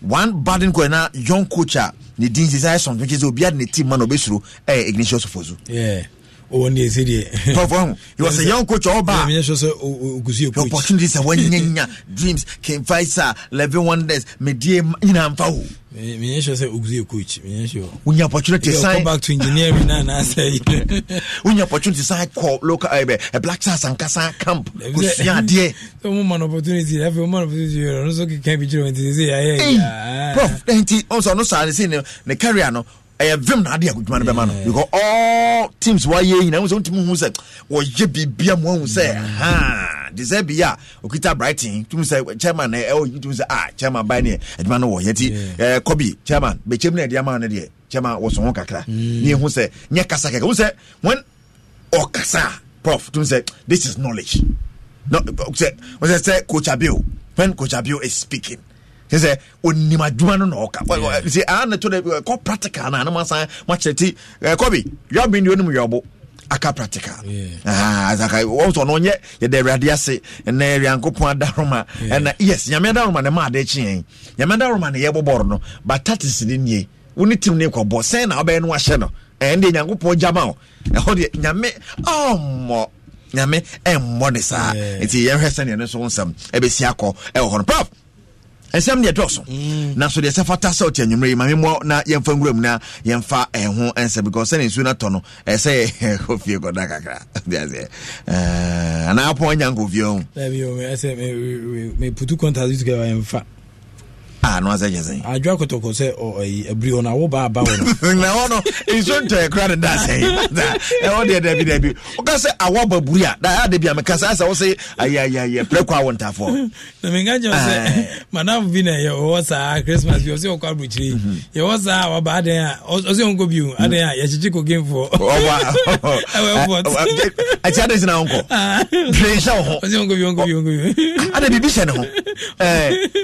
one burden kɔ na young coach a ah, ne din sɛ sɛ ayɛ something kyɛ sɛ obiara ne team ma na ɔbɛsuro ɛyɛ eh, ignatius fozu yeah ɔwɔ ne ɛsɛ deɛ perform you was a young coach ɔba menyɛ sure sɛ ɔkusi yɛ coach opportunities a wanyanya dreams king faisa eleven wonders medie nyinaa mfa wo menyɛ sure sɛ ɔkusi yɛ coach menyɛ sure wonya opportunity sign back to engineering na anaasɛ wonya opportunity sign kɔ local ɛbɛ eh, eh, eh, black stars ankasa camp kosua adeɛ sɛ mo man opportunity afei mo man opportunity yɛ ɔno so keka bi kyerɛ wɔn ti sɛ sɛ yɛayɛ prof ɛnti ɔsɔ ɔno saa ne sɛ ne career no ɛyɛ vim na adeɛ adwuma no bɛma no because all teams wayɛ nyina wo sɛ wontumi hu sɛ wɔyɛ biribia mu ahu sɛ ha de sɛ bi a okita brighton tumi sɛ chairman na ɛwɔ tumi sɛ ah chairman ban ne adwuma no wɔyɛ ti ɛɛ kɔbi chairman bɛkyɛm no ɛde ama no deɛ chairman wɔsɔn ho kakra mm. ne ehu sɛ nyɛ kasa kɛkɛ wo sɛ when ɔkasa prof tumi sɛ this is knowledge no sɛ wɔsɛ sɛ coach abiu when coach abiu is speaking kyɛ sɛ onim adwuma no na ɔka sɛ aa na to kɔ uh, practical na anam asan makyerɛ ti kɔbi yɛabe ne onim yɛɔbo aka practical saka wɔn sɔ no nyɛ yɛda awurade ase ɛnɛ awurankopɔn adaroma ɛna yes nyame adaroma ne ma ade kyeɛ nyame adaroma ne yɛbɔ bɔɔro no batatis ne nie wo ne tim ne kɔbɔ sɛn na wobɛyɛ no wahyɛ no ɛn deɛ nyankopɔn gyama o ɛhɔ deɛ nyame ɔmmɔ nyame ɛmmɔ ne saa nti yɛhwɛ sɛneɛ no so wo nsɛm ɛbɛsi akɔ ɛwɔ hɔ no prof ɛsɛm deɛ dɔɔso nanso deɛ sɛ fata sɛ ɔte anwummerɛ yi ma memmɔ na yɛmfa nwura mu na yɛmfa ɛho ɛnsɛ because sɛne nsuo no atɔ no ɛsɛ yɛ kɔ fie kɔda kakra biaseɛ anaa pɔn anya nkɔ fie ho meputu ano asɛ kyɛ sɛn adwa kotoko sɛ abiri hɔ no awo ba aba hɔ na hɔ no nsuo ntɔɛ kora ne da sɛn ɛwɔ deɛ dabi dabi woka sɛ awɔ aba buri a da ade bi a meka saa sɛ wo sɛ ayɛyɛyɛ prɛkɔ awo ntafoɔ na menka kyɛw sɛ madam bi na yɛwɔ saa christmas bi ɔsɛ ɔkɔ aburukyire mhm. yɛwɔ saa waba adɛn a ah. ɔsɛ ɔnkɔ bio adɛn a yɛkyekye kogemfoɔ akyi adɛn sina wonkɔ drenhyɛ wo ho ade biribi hyɛ ne ho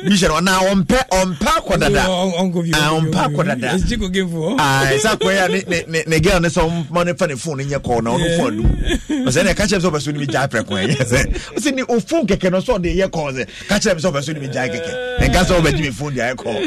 biribi hyɛ ne ho na wɔmpɛ ɔmpa kɔ dada ɔmpa ah, kɔ dada sa kɔya ne girl ne sɛ ɔma ne fa ne phone nyɛ kɔɔ na ɔno phone dum ɔsɛ ne ka kyerɛ sɛ ɔbɛ so ne mi gyae prɛ kɔn yɛ sɛ ɔsɛ ne o phone kɛkɛ no sɛ ɔde yɛ kɔɔ sɛ ka kyerɛ mi sɛ ɔbɛ so ne mi gyae kɛkɛ ne nka sɛ ɔbɛ gyi mi phone deɛ ayɛ kɔɔ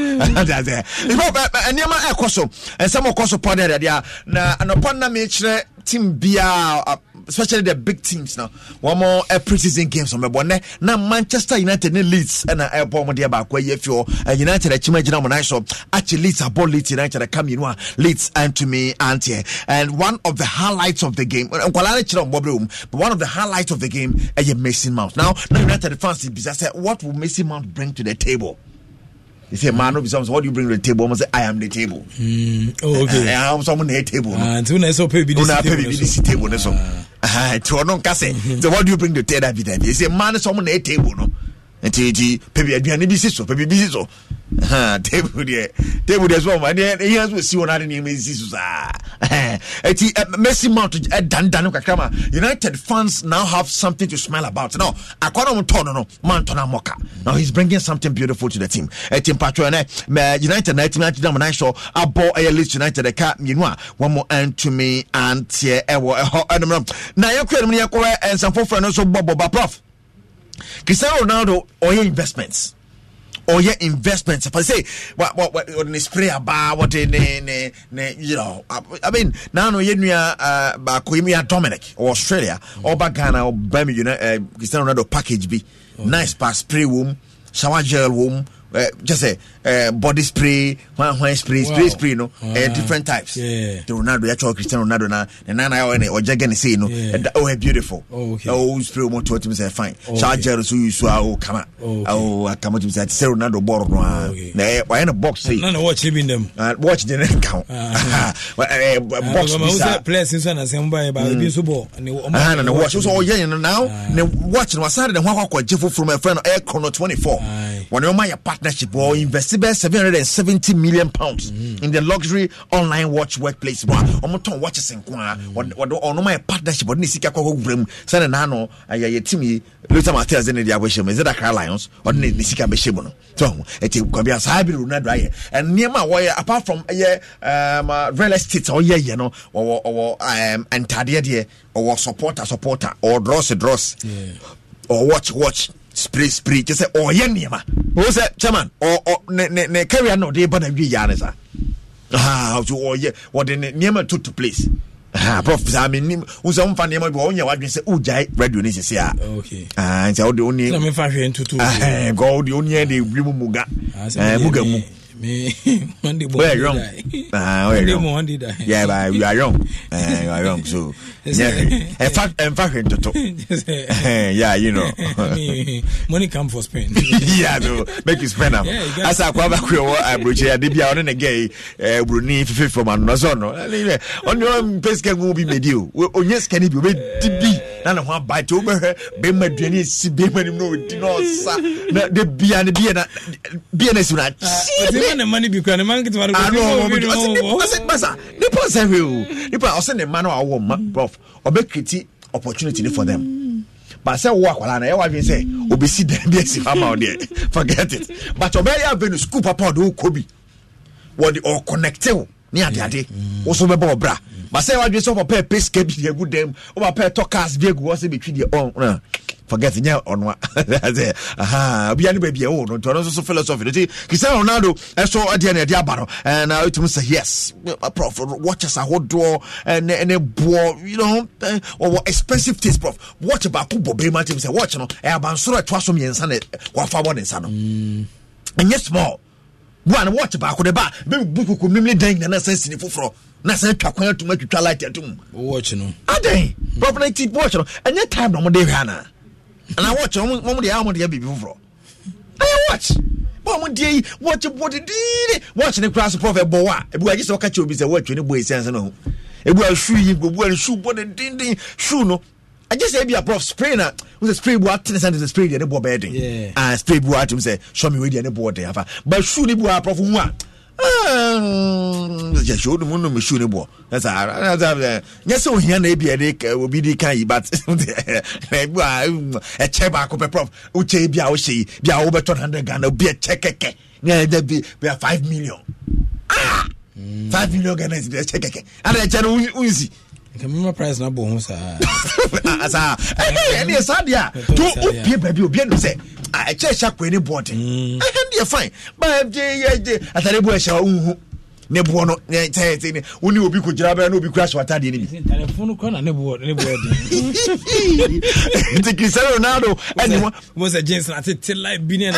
ɛnneɛma ɛkɔ so ɛnsɛm e ɔkɔ so pɔn ne adeadeɛ a na anɔpɔ nam ekyerɛ tim biara especially the big teams now. One more uh, preseason games on my Now Manchester United ne Leeds and I bomb the back where if you eh, United I eh, chima jina monai so actually Leeds a ball Leeds United I come in know Leeds and to me and here and one of the highlights of the game. Um, but one of the highlights of the game is Mason Mount. Now, now United fans, what will missing Mount bring to the table? He say, man, be something. What do you bring to the table? I'm say, I am the table. Mm, oh, okay. I am someone the table. Ah, until now, so pay BDC table. Until BDC table, no so. Ah, to anon kase. So what do you bring to the table? He say, man, someone the table, no nti nti pebi aduane bi si so pebi bi si so tebu deɛ tebu deɛ so ɔmo ɛdeɛ eh, eya so si wɔn adi nneɛma esi so saa eti eh, mercy mount ɛdandan eh, kakra ma united fans now have something to smile about now akɔnɔ mo tɔn no no man tɔn amɔka now he's bringing something beautiful to the team eti mpatro ɛnɛ mɛ united na etimi ati dama nan so abɔ ɛyɛ leeds united ɛka mienu a wɔn mo ɛntumi anteɛ ɛwɔ ɛhɔ ɛnum na na yɛ kura ɛnum yɛ kɔɛ ɛnsanfo fɛn no so bɔ bɔ ba prof cristiano ronaldo ɔyɛ investments ɔyɛ investments pa say wa wa wa ɔde ne spray aba ɔde ne ne ne you know i mean naanu yɛ nua baako yɛ nua dominic ɔwɔ australia ɔba ghana ɔba mi you know cristiano ronaldo package bi nice pa spray wɔm shower gel wɔm uh, just say. Eh, body spray hwan hwan spray wow. spray spray no eh, wow. uh, different types yeah. the ronaldo yɛtwɛ cristiano ronaldo na ne nan na ɛwɔ ne ɔgya gɛ ne sei no ɛda ɔhɛ beautiful ɛwɔ wo spray wɔn to ɔtumi sɛ fine saa gɛl so yi so a o kama o akama tumi sɛ ɛti sɛ ronaldo bɔɔl no a na ɛyɛ ɔyɛ ne box sei na na watch bi ndɛm uh, watch de ne nka ho box bi sa players nso na sɛn ba yɛ ba ebi nso bɔ ne ɔmo na ne watch nso ɔyɛ yɛn no now uh-huh. ne watch no wasaare ne ho akɔ akɔ gye foforɔ mu ɛfɛ no ɛyɛ chrono twenty four wɔn ne ɔmo ayɛ partnership wɔ uh-huh. invest bɛ seven hundred and seventy million pounds mm. in the luxury online watch workplace mu a wɔn tɔn watches nko a wɔde ɔno ma yɛ partnership wɔde ne sika kɔkɔ wura mu sani naano ayɛ yɛ team yi luther martins ne de abɛhyɛ mu ezedaka lions wɔde ne sika abɛhyɛ mu no tɔn eti kwabi asaa bi ronaldo ayɛ ɛn nneɛma a wɔyɛ apart from ɛyɛ ɛɛm real estate a ɔyɛ yɛ no wɔwɔ wɔwɔ ɛɛm ntaadeɛ deɛ ɔwɔ supporter supporter ɔwɔ dross dross ɔwɔ watch watch spray spray kyɛ sɛ ɔyɛ nneɛma wɔn sɛ chairman ɔ oh, oh, ne ne ne carrier na ɔde ba na wi yaa ne sa aa so ɔyɛ ɔde ne nneɛma to to place aa ah, prof saa mi nim nso nfa nneɛma bi ɔnyɛ wadwin sɛ ɔgya radio ne sisi a aa nti ɔde ɔni na mi fa hwɛ ntutu ɛɛ nkɔ ɔde ɔni yɛ de wuli mu muga ɛɛ muga mu. Monday morning. Where are you? Ah, where are Yeah, but you are wrong. Eh, you are wrong. So ɛmfa hwe ntoto yeah you know money come for spend yeah no make you spend am asa akɔ aba kɔ wɔ aburokyi ade bi a ɔne ne gɛɛ buroni fifi fam ano ɔsɔ no ɔne ɔne mpɛ sika ngu bi medi o onye sika ni bi obe di bi na ne ho aba ti o bɛ hɛ bɛrima duane esi bɛrima nim na odi na ɔsa na de bia ne bia na bia na esi na kyi bi ɔsɛ ne ma ne bi kura ne ma nkete ma ne ko ɔsɛ nipa ɔsɛ hwɛ o oh. nipa ɔsɛ ne ma na ɔwɔ ma bɔf himself ɔbɛ create opportunity for them but sɛ wo akwara na ɛyɛ wadwin sɛ obesi dɛm bi esi fama ɔdeɛ forget it but ɔbɛ yɛ avenue school papa ɔde wo kobi wɔde ɔconnecte wo ne adeade woso bɛbɔ ɔbra. Mm basɛ wadwe sɛ ɔpapɛ pɛ sika bi de agu dam wopapɛ tɔ cars bi agu hɔ sɛ bɛtwi deɛ ɔn forget nyɛ ɔnoa obia ne baabi ɛwo no nti ɔno nso so philosophy no nti cristiano ronaldo ɛso ɛdeɛ no ɛde aba no na wotumi sɛ yes prof watches ahodoɔ ne ne boɔ you know ɔwɔ expensive things, prof watch about Kubo bɛrima tim sɛ watch no I abansoro ɛtoa so mmiɛnsa na I bɔ ne nsa And mm. yes, small boa no watch baako de ba bɛbu koko memle dan nyina na sɛ sini foforɔ na sɛ twa kwan atum atwitwa light atom watch no adɛn properly ti watch no ɛnyɛ time na ɔmode hwɛ anaa anaa watch no ɔmode yɛ ɔmode yɛ biribi foforɔ ɛyɛ watch bɔn mo die yi wɔkye bɔde diire wɔkye ne kura so pɔfɛ bɔ wa ebi wa gye sɛ ɔka kyerɛ obi sɛ wɔtwe ne bɔ esi ansa na ho ebi wa su yi ebi wa su bɔde dindin su no agye sɛ a prof spray na wosɛ spray bu atene sɛ sɛ spray deɛ ne boɔ bɛyɛ den ah spray ah, bu atem sɛ sɔmi wei deɛ ne boɔ den afa ba shoe ne bu a prof hu a yɛ shoe no mu no mu shoe ne boɔ ɛsɛ nyɛ sɛ ohia na ebia de uh, obi de kan yi but ebu eh, ah, um, a ɛkyɛ baako pɛ prof wokyɛ ebi a wohyɛ yi bi a wobɛtɔ hundred ghana obi ɛkyɛ kɛkɛ ne ɛdɛ bi bi a five million ah mm. five million ghana ɛkyɛ kɛkɛ ana ɛkyɛ no wunsi nkɛmɛma price na bɔ ho saasaa ah, ɛne saa deɛ a to wopie baabi obia nim sɛ ɛkyɛ ɛhyɛ akoa ne bɔɔden mm. ɛhɛ deɛ fine bayɛgyeyɛgye atare bu ɛhyɛ wohu ne boɔ no sɛ wone obi kogyira bɛɛ na obi kora hyɛ watadeɛ no bi nti cristiano ronaldo ɛne mɔ sɛ james na tete life bi ne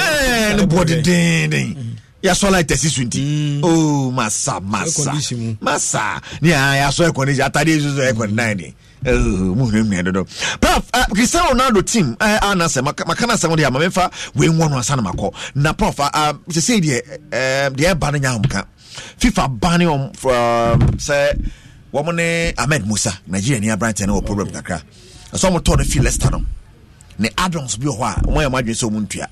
ne boɔ dedenden yasɔ light ɛsi so oh masa masa masa ni a yasɔ ɛkɔni si atade yi soso ɛkɔni nan de mu hunu mu dodo prof eh, cristiano ronaldo team ɛɛ ana sɛ maka na asɛm de ama mefa wei nwɔ asan ma kɔ na prof sese deɛ ɛɛ deɛ ɛba no nya nka fifa ban wɔn sɛ wɔn ne ahmed musa nigeria ni aberanteɛ no wɔ problem kakra ɛsɛ wɔn tɔ no fi leicester no ne adams bi wɔ hɔ a wɔn yɛ wɔn adwene sɛ wɔn ntua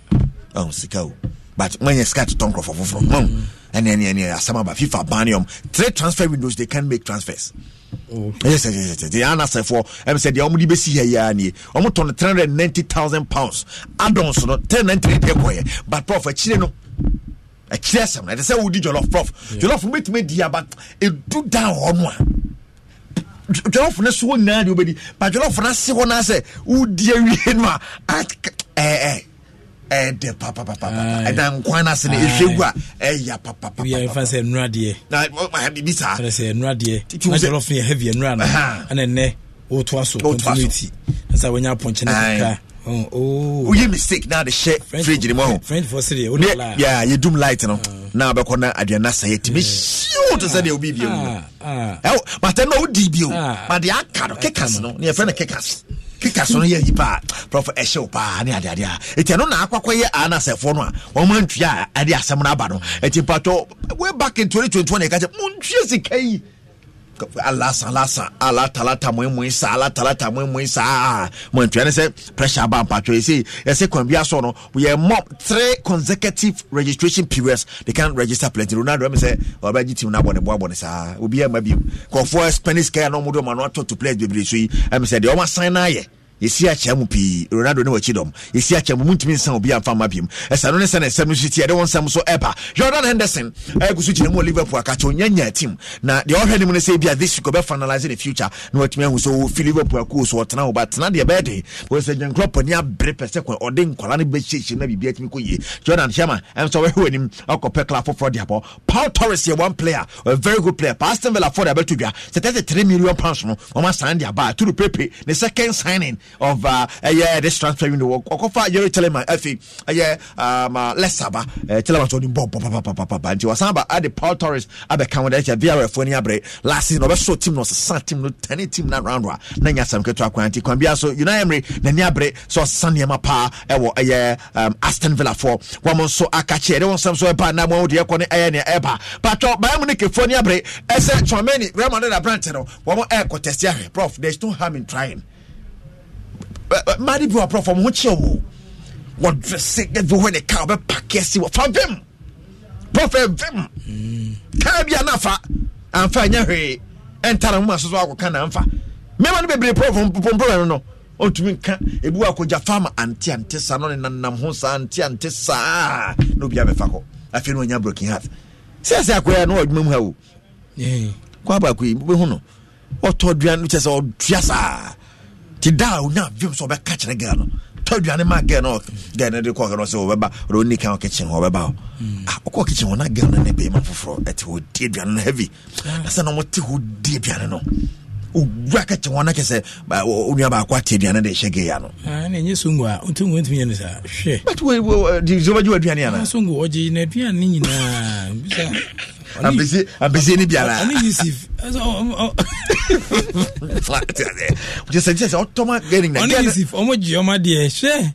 ɛhun sika o but when manya sika totɔ nkurɔfo foforɔ mm. and then ɛne asɛm aba fifa banium, yɔm three transfer windows they can make transfers Yes, yes, yes, yes. They are not yɛsɛsɛsɛsɛanasɛfoɔ ɛm sɛ deɛ ɔmde bɛsi ha yia nie ɔmotɔ no 390000 pounds adons no 393 deɛ kɔyɛ but prof akyire no akyire asɛm no ɛte sɛ wodi jollof prof jollof no bɛtumi di a but ɛdu da hɔ no a jollof no so hɔ nyinaa deɛ wobɛdi but jollof no ase eh, hɔ eh. no a sɛ wodi awie no a ɛɛ ɛdɛ papapapa ɛdan nkwan no ase no ɛhwɛ gu a ɛya papapafa sɛ nnuradeɛ bi saa sɛ nnuradeɛ na jollof no yɛ heavy nnura no ɛna nnɛ wotoa so continuity sɛ wonya apɔnkyɛ no kakra oh, oh. woyɛ mistake na ade hyɛ fridge ne mu ahoyɛ yɛdum light no ah. na wobɛkɔ eh. ah, ah. no aduane asa yɛtumi hyew te sɛ deɛ wobi bio matɛ no wodi bio made aka no kekas no ne yɛfrɛ no kekas kika so no yɛ nyipa a prɔfo ɛhyɛ wo paa ne adeade a ɛti ɛno na akɔkɔyɛ anasɛfoɔ no a wɔma ntua a ɛde asɛm no aba no ɛti mpatɔ way back in 2021 ɛka kyɛ montwie sika yi ala san ala san ala tala ta mɔɛ mɔɛ sa ala tala ta mɔɛ sa mɔntua sɛ pressure ba mpatwa yi sɛ yɛsɛ kwan bi asɔ no yɛ mɔ three consecutive registration periods they can register plenty ronaldo ɛmi sɛ ɔbɛgye team na abɔ ne bo abɔ ne saa obi ɛma bi mu kɔfoɔ spanish kɛyɛ na ɔmo do ɔmo ano atɔ to players bebree so yi ɛmi sɛ deɛ ɔmo asan na ayɛ yɛsi akyɛ mu pii ronaldo ne wakyi dɔm yɛsi akyɛ mu muntumi nsan obi amfa ma biom ɛsa no ne sɛ ne nsɛm so ti ɛde wɔn nsɛm so ɛba jordan henderson ɛgu so gyina mu wɔ liverpool akakyɛ onyanya team na deɛ ɔhwɛ nim no sɛ bia this week ɔbɛfa analyse the future na watumi ahu sɛ ɔfi oh, liverpool akuo so ɔtena wo ba tena deɛ bɛyɛ den bɔ sɛ gyankorɔ pɔni abere pɛ sɛ ɔde nkwala no bɛhyehyɛ na biribia tumi kɔ yie jordan hyɛma ɛm sɛ wɔhwɛ w'anim ɔkɔpɛ kla foforɔ de abɔ paul torres yɛ one player a very good player Pastor aston villa fɔ de abɛto dwa sɛ 33 million pounds no wɔma san de aba aturu pepe ne second signing of ɛyɛ uh, eh, this transfer window ɔkɔfa yɛrɛ teleman afi eh, ɛyɛ eh, um, uh, lɛsaba teleman sɔ ni bɔ bɔ papapapa nti wasan ba adi paul torres abɛka wɔn dɛ ɛkyɛ vrf fo ni abere last season ɔbɛsɔ team no ɔsesan team no tɛni team na round wa na nya asɛm ketewa kwan ti kwan bi aso united emiri na ni abere sɛ ɔsesan nneɛma paa ɛwɔ um, ɛyɛ aston villa fo wɔn nso aka kyɛ ɛde wɔn nsɛm so ɛba anam wɔn deɛ ɛkɔ ne ɛyɛ ne ɛba patɔ bayern munich fo ni abere ɛsɛ tɔmɛni real madrid aberante no wɔn ɛɛkɔ tɛsi ahɛ prof there is no harm in trying mmade bi waporɔfo mo ho kyerɛ wo wɔdrese everywhere ne car wobɛpake asi wɔ fa vem bɔfɛ vem kaa bi a na afa amfa ɛnyɛ hwee ɛnta na moma so so akɔka na amfa mmɛma no bebree pɔmpɔmpɔmɛ no no ɔntumi nka ebi wɔ akɔgya fama ante ante saa no ne nanam ho saa ante ante saa na obi abɛfa kɔ afei no ɔnya broken heart sɛsɛ akɔyɛ no ɔdwuma mu ha o kɔ abaakɔ yi wobɛhu no ɔtɔ dua no kyɛ sɛ ɔdua saa ti da a onya adwom sɛ ɔbɛka kyerɛ girl no tɔ aduane ma girl no girl no de kɔ ɔkɛ no sɛ ɔbɛba ɔde ɔni kan kitchen hɔ ɔbɛba hɔ hmm. a ah, ɔkɔ kitchen hɔ na girl no ne bɛyɛ ma foforɔ ɛte hɔ di aduane no heavy ah. na sɛ na wɔn te hɔ di aduane no owura kɛkyɛ hɔ na kɛ sɛ onua baako ate aduane de ɛhyɛ girl no. na nye songo a ntongo ntumi yɛ ne sa hwɛ. bati wo di zɔbɛji wa aduane yana. songo ɔgye na aduane nyinaa jesa, abɛsie ne biaraɔmgyeɔmadeɛ hyɛ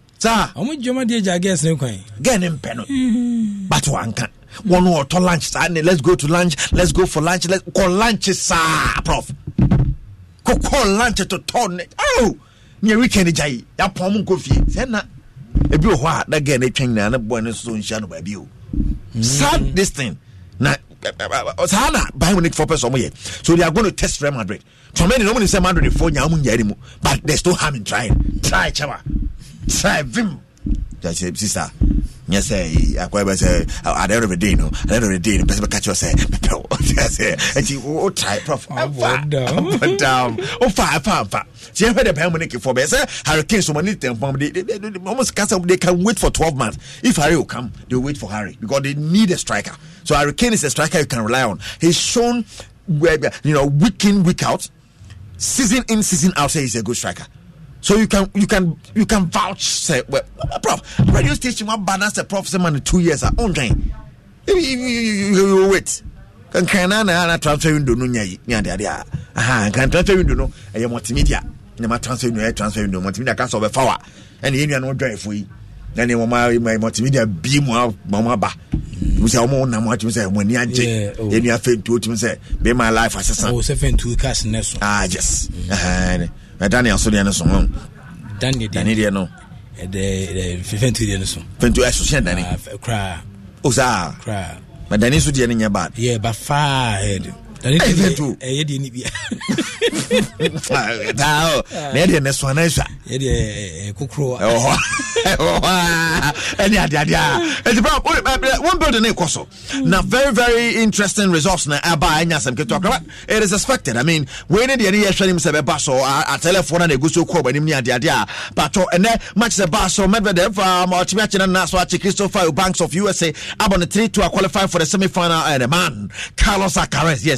ɔmo gyeɔmadeɛ gya gas ne kwan gɛ ne mpɛ no mhm. but wanka wɔn ɔtɔ lunch saa ne let's go to lunch let's go for lunch let's kɔ lunch saa prof kɔkɔ lunch totɔ ne oh nea weekend gya yi yapɔn mu nkɔ fie sɛ na ebi wɔ hɔ a na gɛ ne twɛn nyinaa ne bɔ ne so nhyia no baabi o sad mhm. this thing na saa na bayern munich four person yɛ so they are going to test real madrid tɔmɛ ni normally say, madrid fo nyaa mu nyaa ni mu but there is no harm in trying try kyɛwa try vim. kyerɛ sisa nyɛ sɛ akɔyɛ bɛ sɛ at the end of the day no at the end of the day no pɛsɛ bɛka kyerɛ sɛ mepɛw sɛ ɛnti wotrae prof down wofa ɛfa mfa nti yɛhwɛ dɛ pɛɛ mu ne kefoɔ bɛɛ sɛ hurricane so mane um, tɛmpam almost sika sɛ they can wait for 12 months if Harry will come they will wait for Harry because they need a striker so hurricane is a striker you can rely on he's shown you know week in week out season in season out say he's a good striker so you can you can you can vouch say well prof radio station one balance the prof say two years ah okay you you you, you wait kankan na na transfer window no nya nya de ade ah aha kan transfer window no ɛyɛ eh, multimedia na ma transfer window ɛyɛ eh, transfer window multimedia kan sɛ ɔbɛ fa wa ɛna yɛn nua no dɔn efo yi na ne wɔn oh. my multimedia bi mu a wɔn aba musa wɔn nam a tumi sɛ wɔn ani agye yɛn nua fɛntuo tumi sɛ bɛɛ ma life asesan. ɔwɔ oh, sɛ fɛntuo kasi nɛ so. ah yes. Mm. Uh -huh daniel so deɛ no so ho daniel deɛ no fentu deɛ no so fentu ɛso hyɛ dani koraa o saa koraa ma dani so deɛ no nyɛ bad yɛ ba faa head Eh, one building in Koso. Hmm. Now, very, very interesting results. Now, buy it is expected. I mean, when the any Shani Mr. Basso, I ah, ah, telephone and a good so call when you need but ah. to oh, and then much the Basso, Medvedev, Marchimach um, and Naswachi Christopher Banks of USA, about the three to qualify for the semi final and eh, a man, Carlos Acares, yes.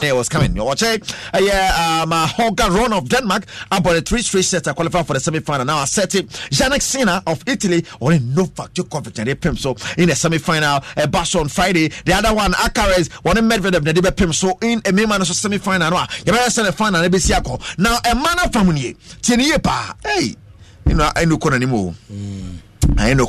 Yeah, it was coming. You Watch it. Uh, yeah, um, uh, Holger Ron of Denmark about a three straight set to qualify for the semi final. Now, I set it. Janek Sina of Italy or in factor Djokovic and they pimp so in the semi final. A uh, bash on Friday. The other one, Akares, one in Medvedev, the debate so in a main semi final. You better send a final. Now, a man of family, Tiniepa. Hey, you know, I know anymore. Mm. ɛno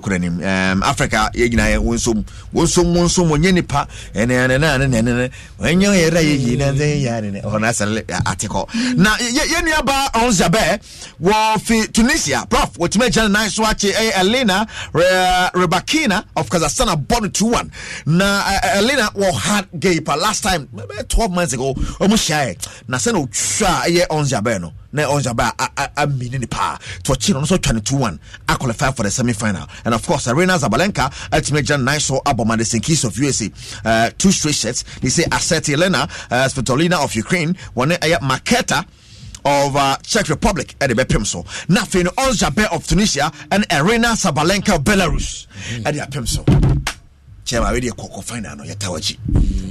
kɔ africa yɛ nyinaa yɛ wonsom wonsom wonsom wɔnyɛ nipa ɛnɛ ɛnɛ ɛnɛ ɛnɛ ɛnɛ wɔnyɛ yɛ da na ɛnɛ yɛ ɛnɛ ɔhɔn na yɛ yɛ nua tunisia prof wɔtumi ɛgyina ne elena rebakina of kazakhstan abɔ no one na elena wɔ last time twelve months ago ɔmo hyia na sɛ na otwa ɛyɛ no na Onjaba amini ne paa to a no no nso twa ne 2-1 aqualify for the semi-final and of course Arena Zabalenka ultimately gya nine so abom at the St. of USA uh, two straight sets they say said Elena uh, of Ukraine One ɛyɛ Maketa of uh, Czech Republic at the Bepim so na afei of Tunisia and Arena Sabalenka of Belarus at the Bepim so chairman wey deɛ koko fain na no yɛ ta wakyi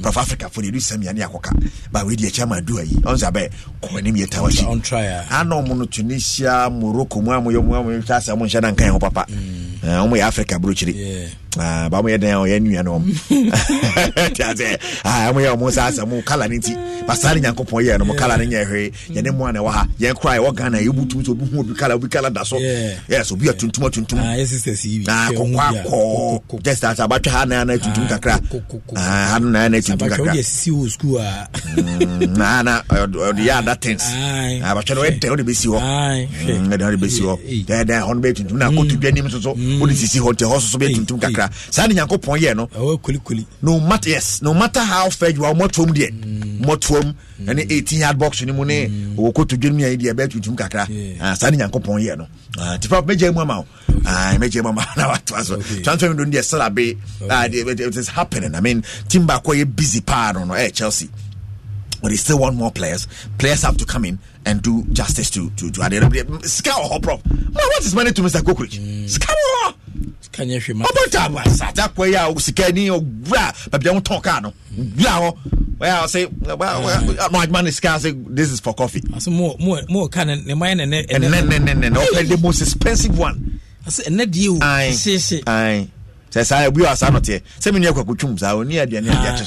prof africa fo de edu sɛm yanni akɔka ba wey deɛ chairman do ayi ɔn sɛ abɛ kɔkɔ anim yɛ ta wakyi anɔ mu no tunisia morocco mu a mo yɛ mu a mo yɛ hwɛ na nkan yɛn ho papa ɔmo yɛ africa burokyiri. Ah, ba mo yɛ dɛn ɔyɛ nua nom ti a sɛ aa ah, mo yɛ ɔmo sa asɛ mo kala ne ti basa ne nyankopɔn yɛ no mo kala ne nyɛ hwee yɛ ne mo a na ɛwɔ ha yɛn kora ɛwɔ ghana yɛ butum so obi hu obi kala obi kala da so yɛs obi yɛ tuntum tuntum aa ah, kɔkɔ akɔ just as abatwa ha nan nan tuntum kakra aa ha nan nan tuntum kakra abatwa yɛ sisi wɔ sukuu a naa mm, na ɔde yɛ ada things abatwa na ɔyɛ dɛn ɔde bɛ si hɔ ɛdɛn ɔde bɛ si hɔ dɛn dɛn ɔno bɛ tuntum na akoto mm. bi anim soso ɔde sisi hɔ nti ɛhɔ soso bɛ tuntum kakra a saa ne nyankopɔn yɛ no no matter yes no matter how fair you are mɔtoam deɛ mm. mɔtoam ɛne 18 mm. yard box no mu ne ɔwɔ kɔtodwa mu ayi deɛ ɛbɛtutum kakra ah, saa ne nyankopɔn yɛ no ah, tipa mɛgya mu ama wo ah, mɛgya mu ama na watoa so transfer window no deɛ sɛlabe it is happening i mean team baakɔ yɛ busy paa no no ɛyɛ chelsea but they still want more players. Players have to come in and do justice to to to Adelaide. Sika or Hoprop. Man, what is money to Mr. Gokurich? Sika or Kanye Shima. Ọbọ ta wa sata kwe ya sika ni owura bàbí ẹ̀wọ̀n tán ká no wura hɔ wẹ́n a sẹ́ ọmọ adumá ni sika sẹ́ this is for coffee. Aso mo mo mo ka ne ne mayẹ nẹnẹ. Ẹnẹ nẹnẹ nẹnẹ ọpẹ the most expensive one. Aso ẹnẹ die o. Ayin ayin sẹ saa ebi wa saa nọtẹ sẹmi ni ẹ kọ kọ twum saa o ni ẹ diẹ ni ẹ di ẹ ti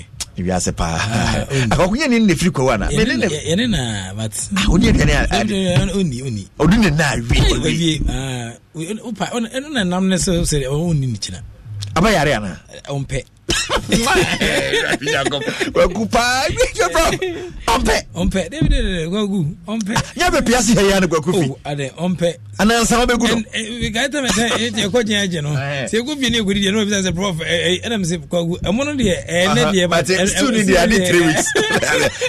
so wiase paa akɔkonya ah, ah, ah. ne nne wana yɛne na but ɔni aduane ɔni ɔni na awie ɔwie ɛno na nam ne sɛ sɛ ɔni ne wagu paa ɔmpɛ ɔmpɛ david wagu ɔmpɛ nyɛ bɛpia se hɛyɛ no kwaku fi ade ɔmpɛ anansa wobɛgu no gaitame sɛ ɛkɔ gyina agye no sɛ ɛgu fi ne ɛkɔdi deɛ ne wabisa sɛ prof ɛnam sɛ kwagu ɛmo no deɛ ɛnɛ deɛ but stu ne deɛ ade three weeks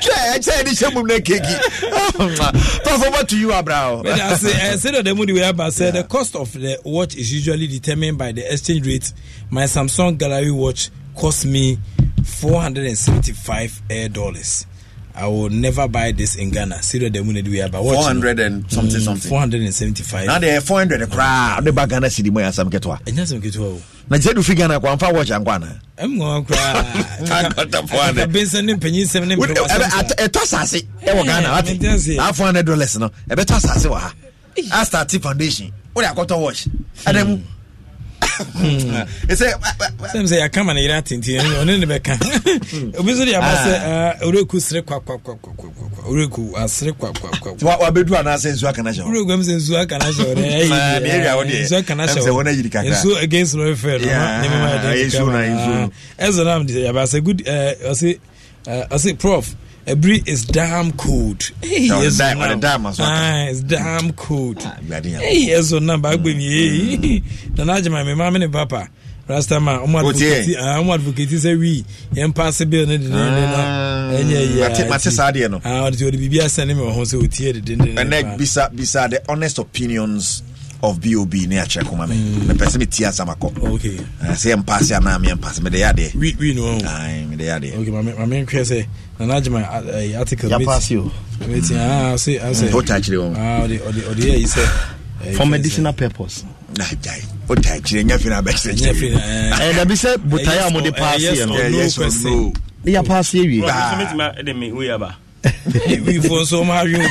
hwɛ ɛkyɛ ne hyɛ mum na keki prof over to you abrao but as said the mood we have said the cost of the watch is usually determined by the exchange rate my samsung gallery watch cost me 475 air dollars. I will never buy this in Ghana. See what the money do we have. Four hundred and something, mm, something. Four hundred and seventy-five. Now they four hundred. Kra, the bag Ghana city mo ya sam ketwa. Enya sam ketwa. Na jedu fi Ghana kwa mfa watch angwana. Em ngo kra. Ta kota four hundred. Bin sen nim penyin sem nim. Eto asase. E wo Ghana. Ati. Na four hundred dollars no. E beto asase wa ha. Asta T foundation. Wo ya kota watch. Adam. sɛm hmm. sɛ hmm. yɛaka ma no yerɛ atenten ɔne ne bɛka obi so de aba sɛ ɔrɛku ah. eh, sere kwakwakwakwakwakwakwaku asere ah, kwakwakwakwabɛdu akana akana eh, akana against ɛsɛ ah, eh, prof Ebri is damn cold. Hey, no, yes, damn, no. damn cold. Ah, hey, yes, so now back with me. Na na jema me mama ne papa. Rasta ma, omo advocate, ah, advocate say we yem pass bill ne de ne na. Ah, enye ah, ya. Mate mate saa de no. Ah, odi odi bibia send me ho so otie de de. And bisa bisa the honest opinions of bob ne akyerɛ koma me mm. mepɛ sɛ metie asam akɔ eh, sɛ yɛmpase anaa meyɛmpase mede yɛ adeɛ mede yɛ adeɛmamenhwɛ sɛ nanagyema article wota ah, kyerɛ ah, ɔde yɛyi sɛ eh, for medicinal purpose. wota kyerɛ nya fei eh, no abɛsɛdabi sɛ botaeɛ a mode paase no yɛpaase awie before so marry you. Oh,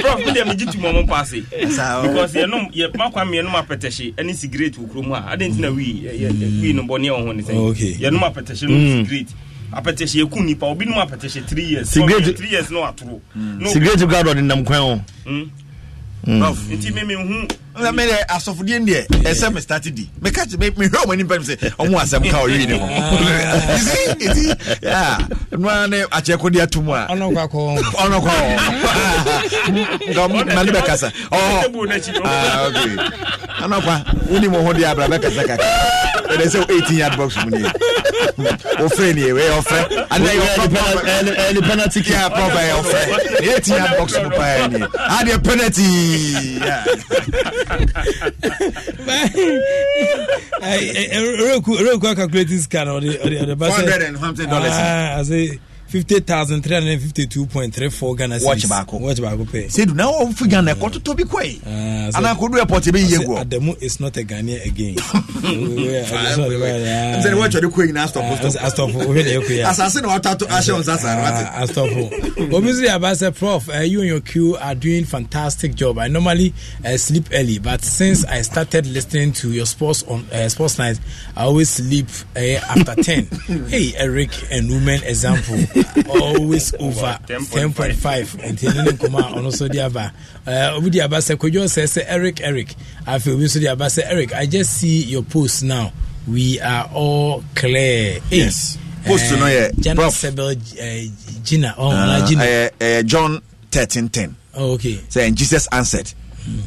bro, me dem giti mo mo pass it. Because you know, you pa kwa me no apetehye any cigarette wo krom a. I didn't know we we no bone ho ne say. Okay. You no apetehye no mm. cigarette. apɛtɛhyɛ yɛku nipa obi nom apɛtɛhyɛ Three years cigarette three years no atoro mm. cigarette gado de nam kwan ho nti me mehu na mɛ dɛ asɔfodeɛ deɛ ɛsɛ me start di meka kyɛ mehwɛ ɔmani pɛ sɛ ɔmo asɛm ka ɔyii ne ho ɛti ɛnoa ne akyɛkode ato mu a ɔnɔkɔ mane bɛkasa anɔkwa wonim wo ho deɛ abra bɛkasa kaka ɛdɛ e sɛ eighteen yard box mu nie ɔfrɛ nie wɛ ɔfrɛ ɛne penalty kick a proper ɔfrɛ 18 yard box mu paa e nie adeɛ penalty Roku, Roku, calculating scan or the, or the, or the 400 and something dollars. Ah, I say. fifty thousand three hundred and fifty two point three four ghana cedis wɔɔkye baako wɔɔkye baako pɛ. not a ghanaian again. nsɛnni wɔɔkye de ko yi na asɔfo asɔfo o bɛ de ko ya. asase na wɔtɔ ato ahyɛ wɔn prof uh, you and your crew are doing fantastic job i normally uh, sleep early but since i started listening to your sports on uh, sports night i always sleep uh, after ten hey eric and women example always over ten point five. nti ɛno ne nkɔmɔ a ɔno nso de aba obi de aba sɛ kodwo sɛ sɛ eric eric afei obi nso de aba sɛ eric i just see your post now we are all clear yes hey, post uh, no yɛ general eh, sebel eh, gina ɔn oh, na gina ɛyɛ uh, eh, john 1310 oh, okay sɛ and jesus answered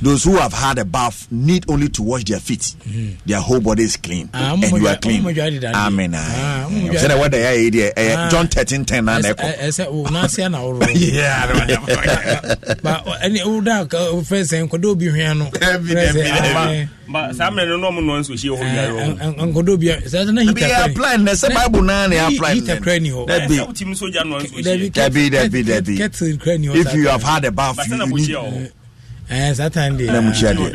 Those who have had a bath need only to wash their feet. Mm-hmm. Their whole body is clean. Ah, and you are clean. Amen. John 13 10 and echo. Oh, yeah. But oh, any old oh, uh, first and could be here. No, Samuel, no one wants to see you. And could be a plan. That's a Bible. Nan, they are planning. That be that be that be. If you have had a bath, you need. Eh, ah.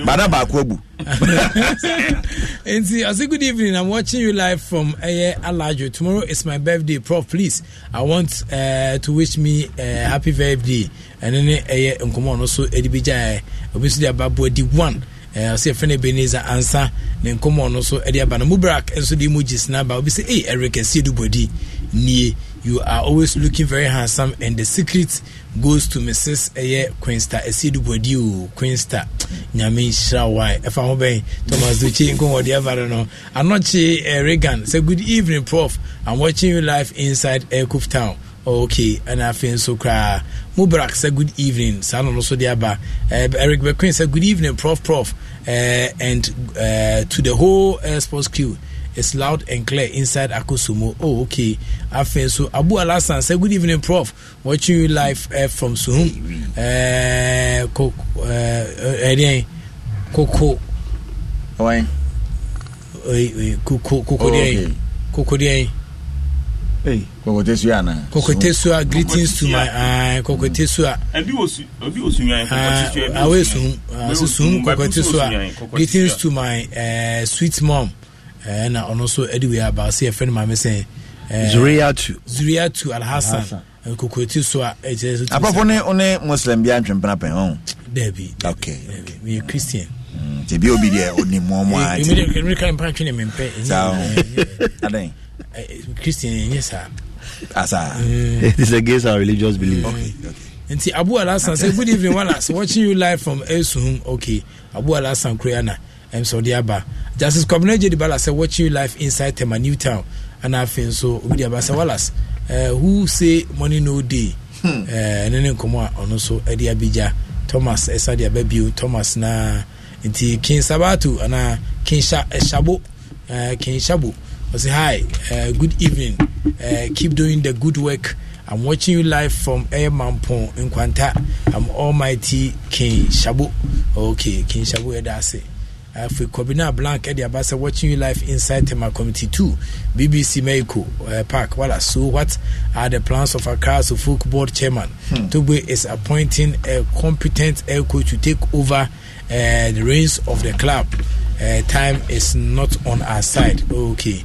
bada baako abu nti I say good evening i'm watching you live from ɛyɛ uh, eh, alajo tomorrow is my birthday prof please i want uh, to wish me uh, happy birthday ɛno ne ɛyɛ nkɔmɔ no so ɛde bi gyaeɛ obi nso de aba boadi one ɔsɛ yɛfrɛ no beneza ansa ne nkɔmɔ no so ɛde aba no mubrak nso de mu gyesina ba obi sɛ ei ɛrekɛseɛ dubɔdi nie you are always looking very handsome and the secret goes to mrs ɛyɛ quinsta ɛsidu bɔdi o oh, quinsta nyame nhyira wa ɛfa ho bɛn thomas duchi nkɔmɔdi ɛfare no anɔkye uh, eh, regan say good evening prof i'm watching you live inside aircoof town okay ɛna afei nso koraa mubrak sɛ good evening saa no no so aba eh, eric bequin sɛ good evening prof prof uh, and uh, to the whole uh, sports crew is loud and clear inside Akosumo. Oh, okay. Afen so Abu Alasan say good evening, Prof. Watching you live uh, from Suhum. Uh, Koko. Uh, Koko. Why? Eh, eh, Koko. Koko. Oh, Koko. Hey, kokotesua na. kokotesua greetings to my uh, kokotesua. ẹbi mm. osu ẹbi osu yan kokotesua. awo esun awo esun kokotesua greetings to my uh, sweet mom ɛna eh, ɔno nso de wei aba sɛ yɛfrɛ no maame sɛ eh, zuriatu zuriatu alhassan eh, kokoeti so a ɛkyerɛ ne one muslim bi antwempena dabi meyɛ christian mm, nti bi obi deɛ ɔnim mɔmɔ christian ɛnyɛ saa asa it against our religious belief okay, okay. nti abu alasan say good evening wallace watching you live from esum okay abu alasan koreana ɛm sɛ ɔde aba justice kwabena gye dibala sɛ watching life inside tema new town ana afei nso obi de aba sɛ wallace uh, who say money no dey ɛne hmm. uh, ne nkɔmmɔ a ɔno nso de abɛgya thomas ɛsa de aba bio thomas na nti king sabato anaa king eh, shabo uh, king shabo ɔsɛ hi uh, good evening uh, keep doing the good work I'm watching you live from Air Mampon in Kwanta. I'm Almighty King Shabu. Okay, King Shabu, that's it afei kɔbina blank ɛde aba sɛ watching you live inside tema committee 2 bbc mexico uh, park wala so what are the plans of accra suffolk board chairman hmm. togbe is appointing a competent head coach to take over uh, the reins of the club uh, time is not on our side okay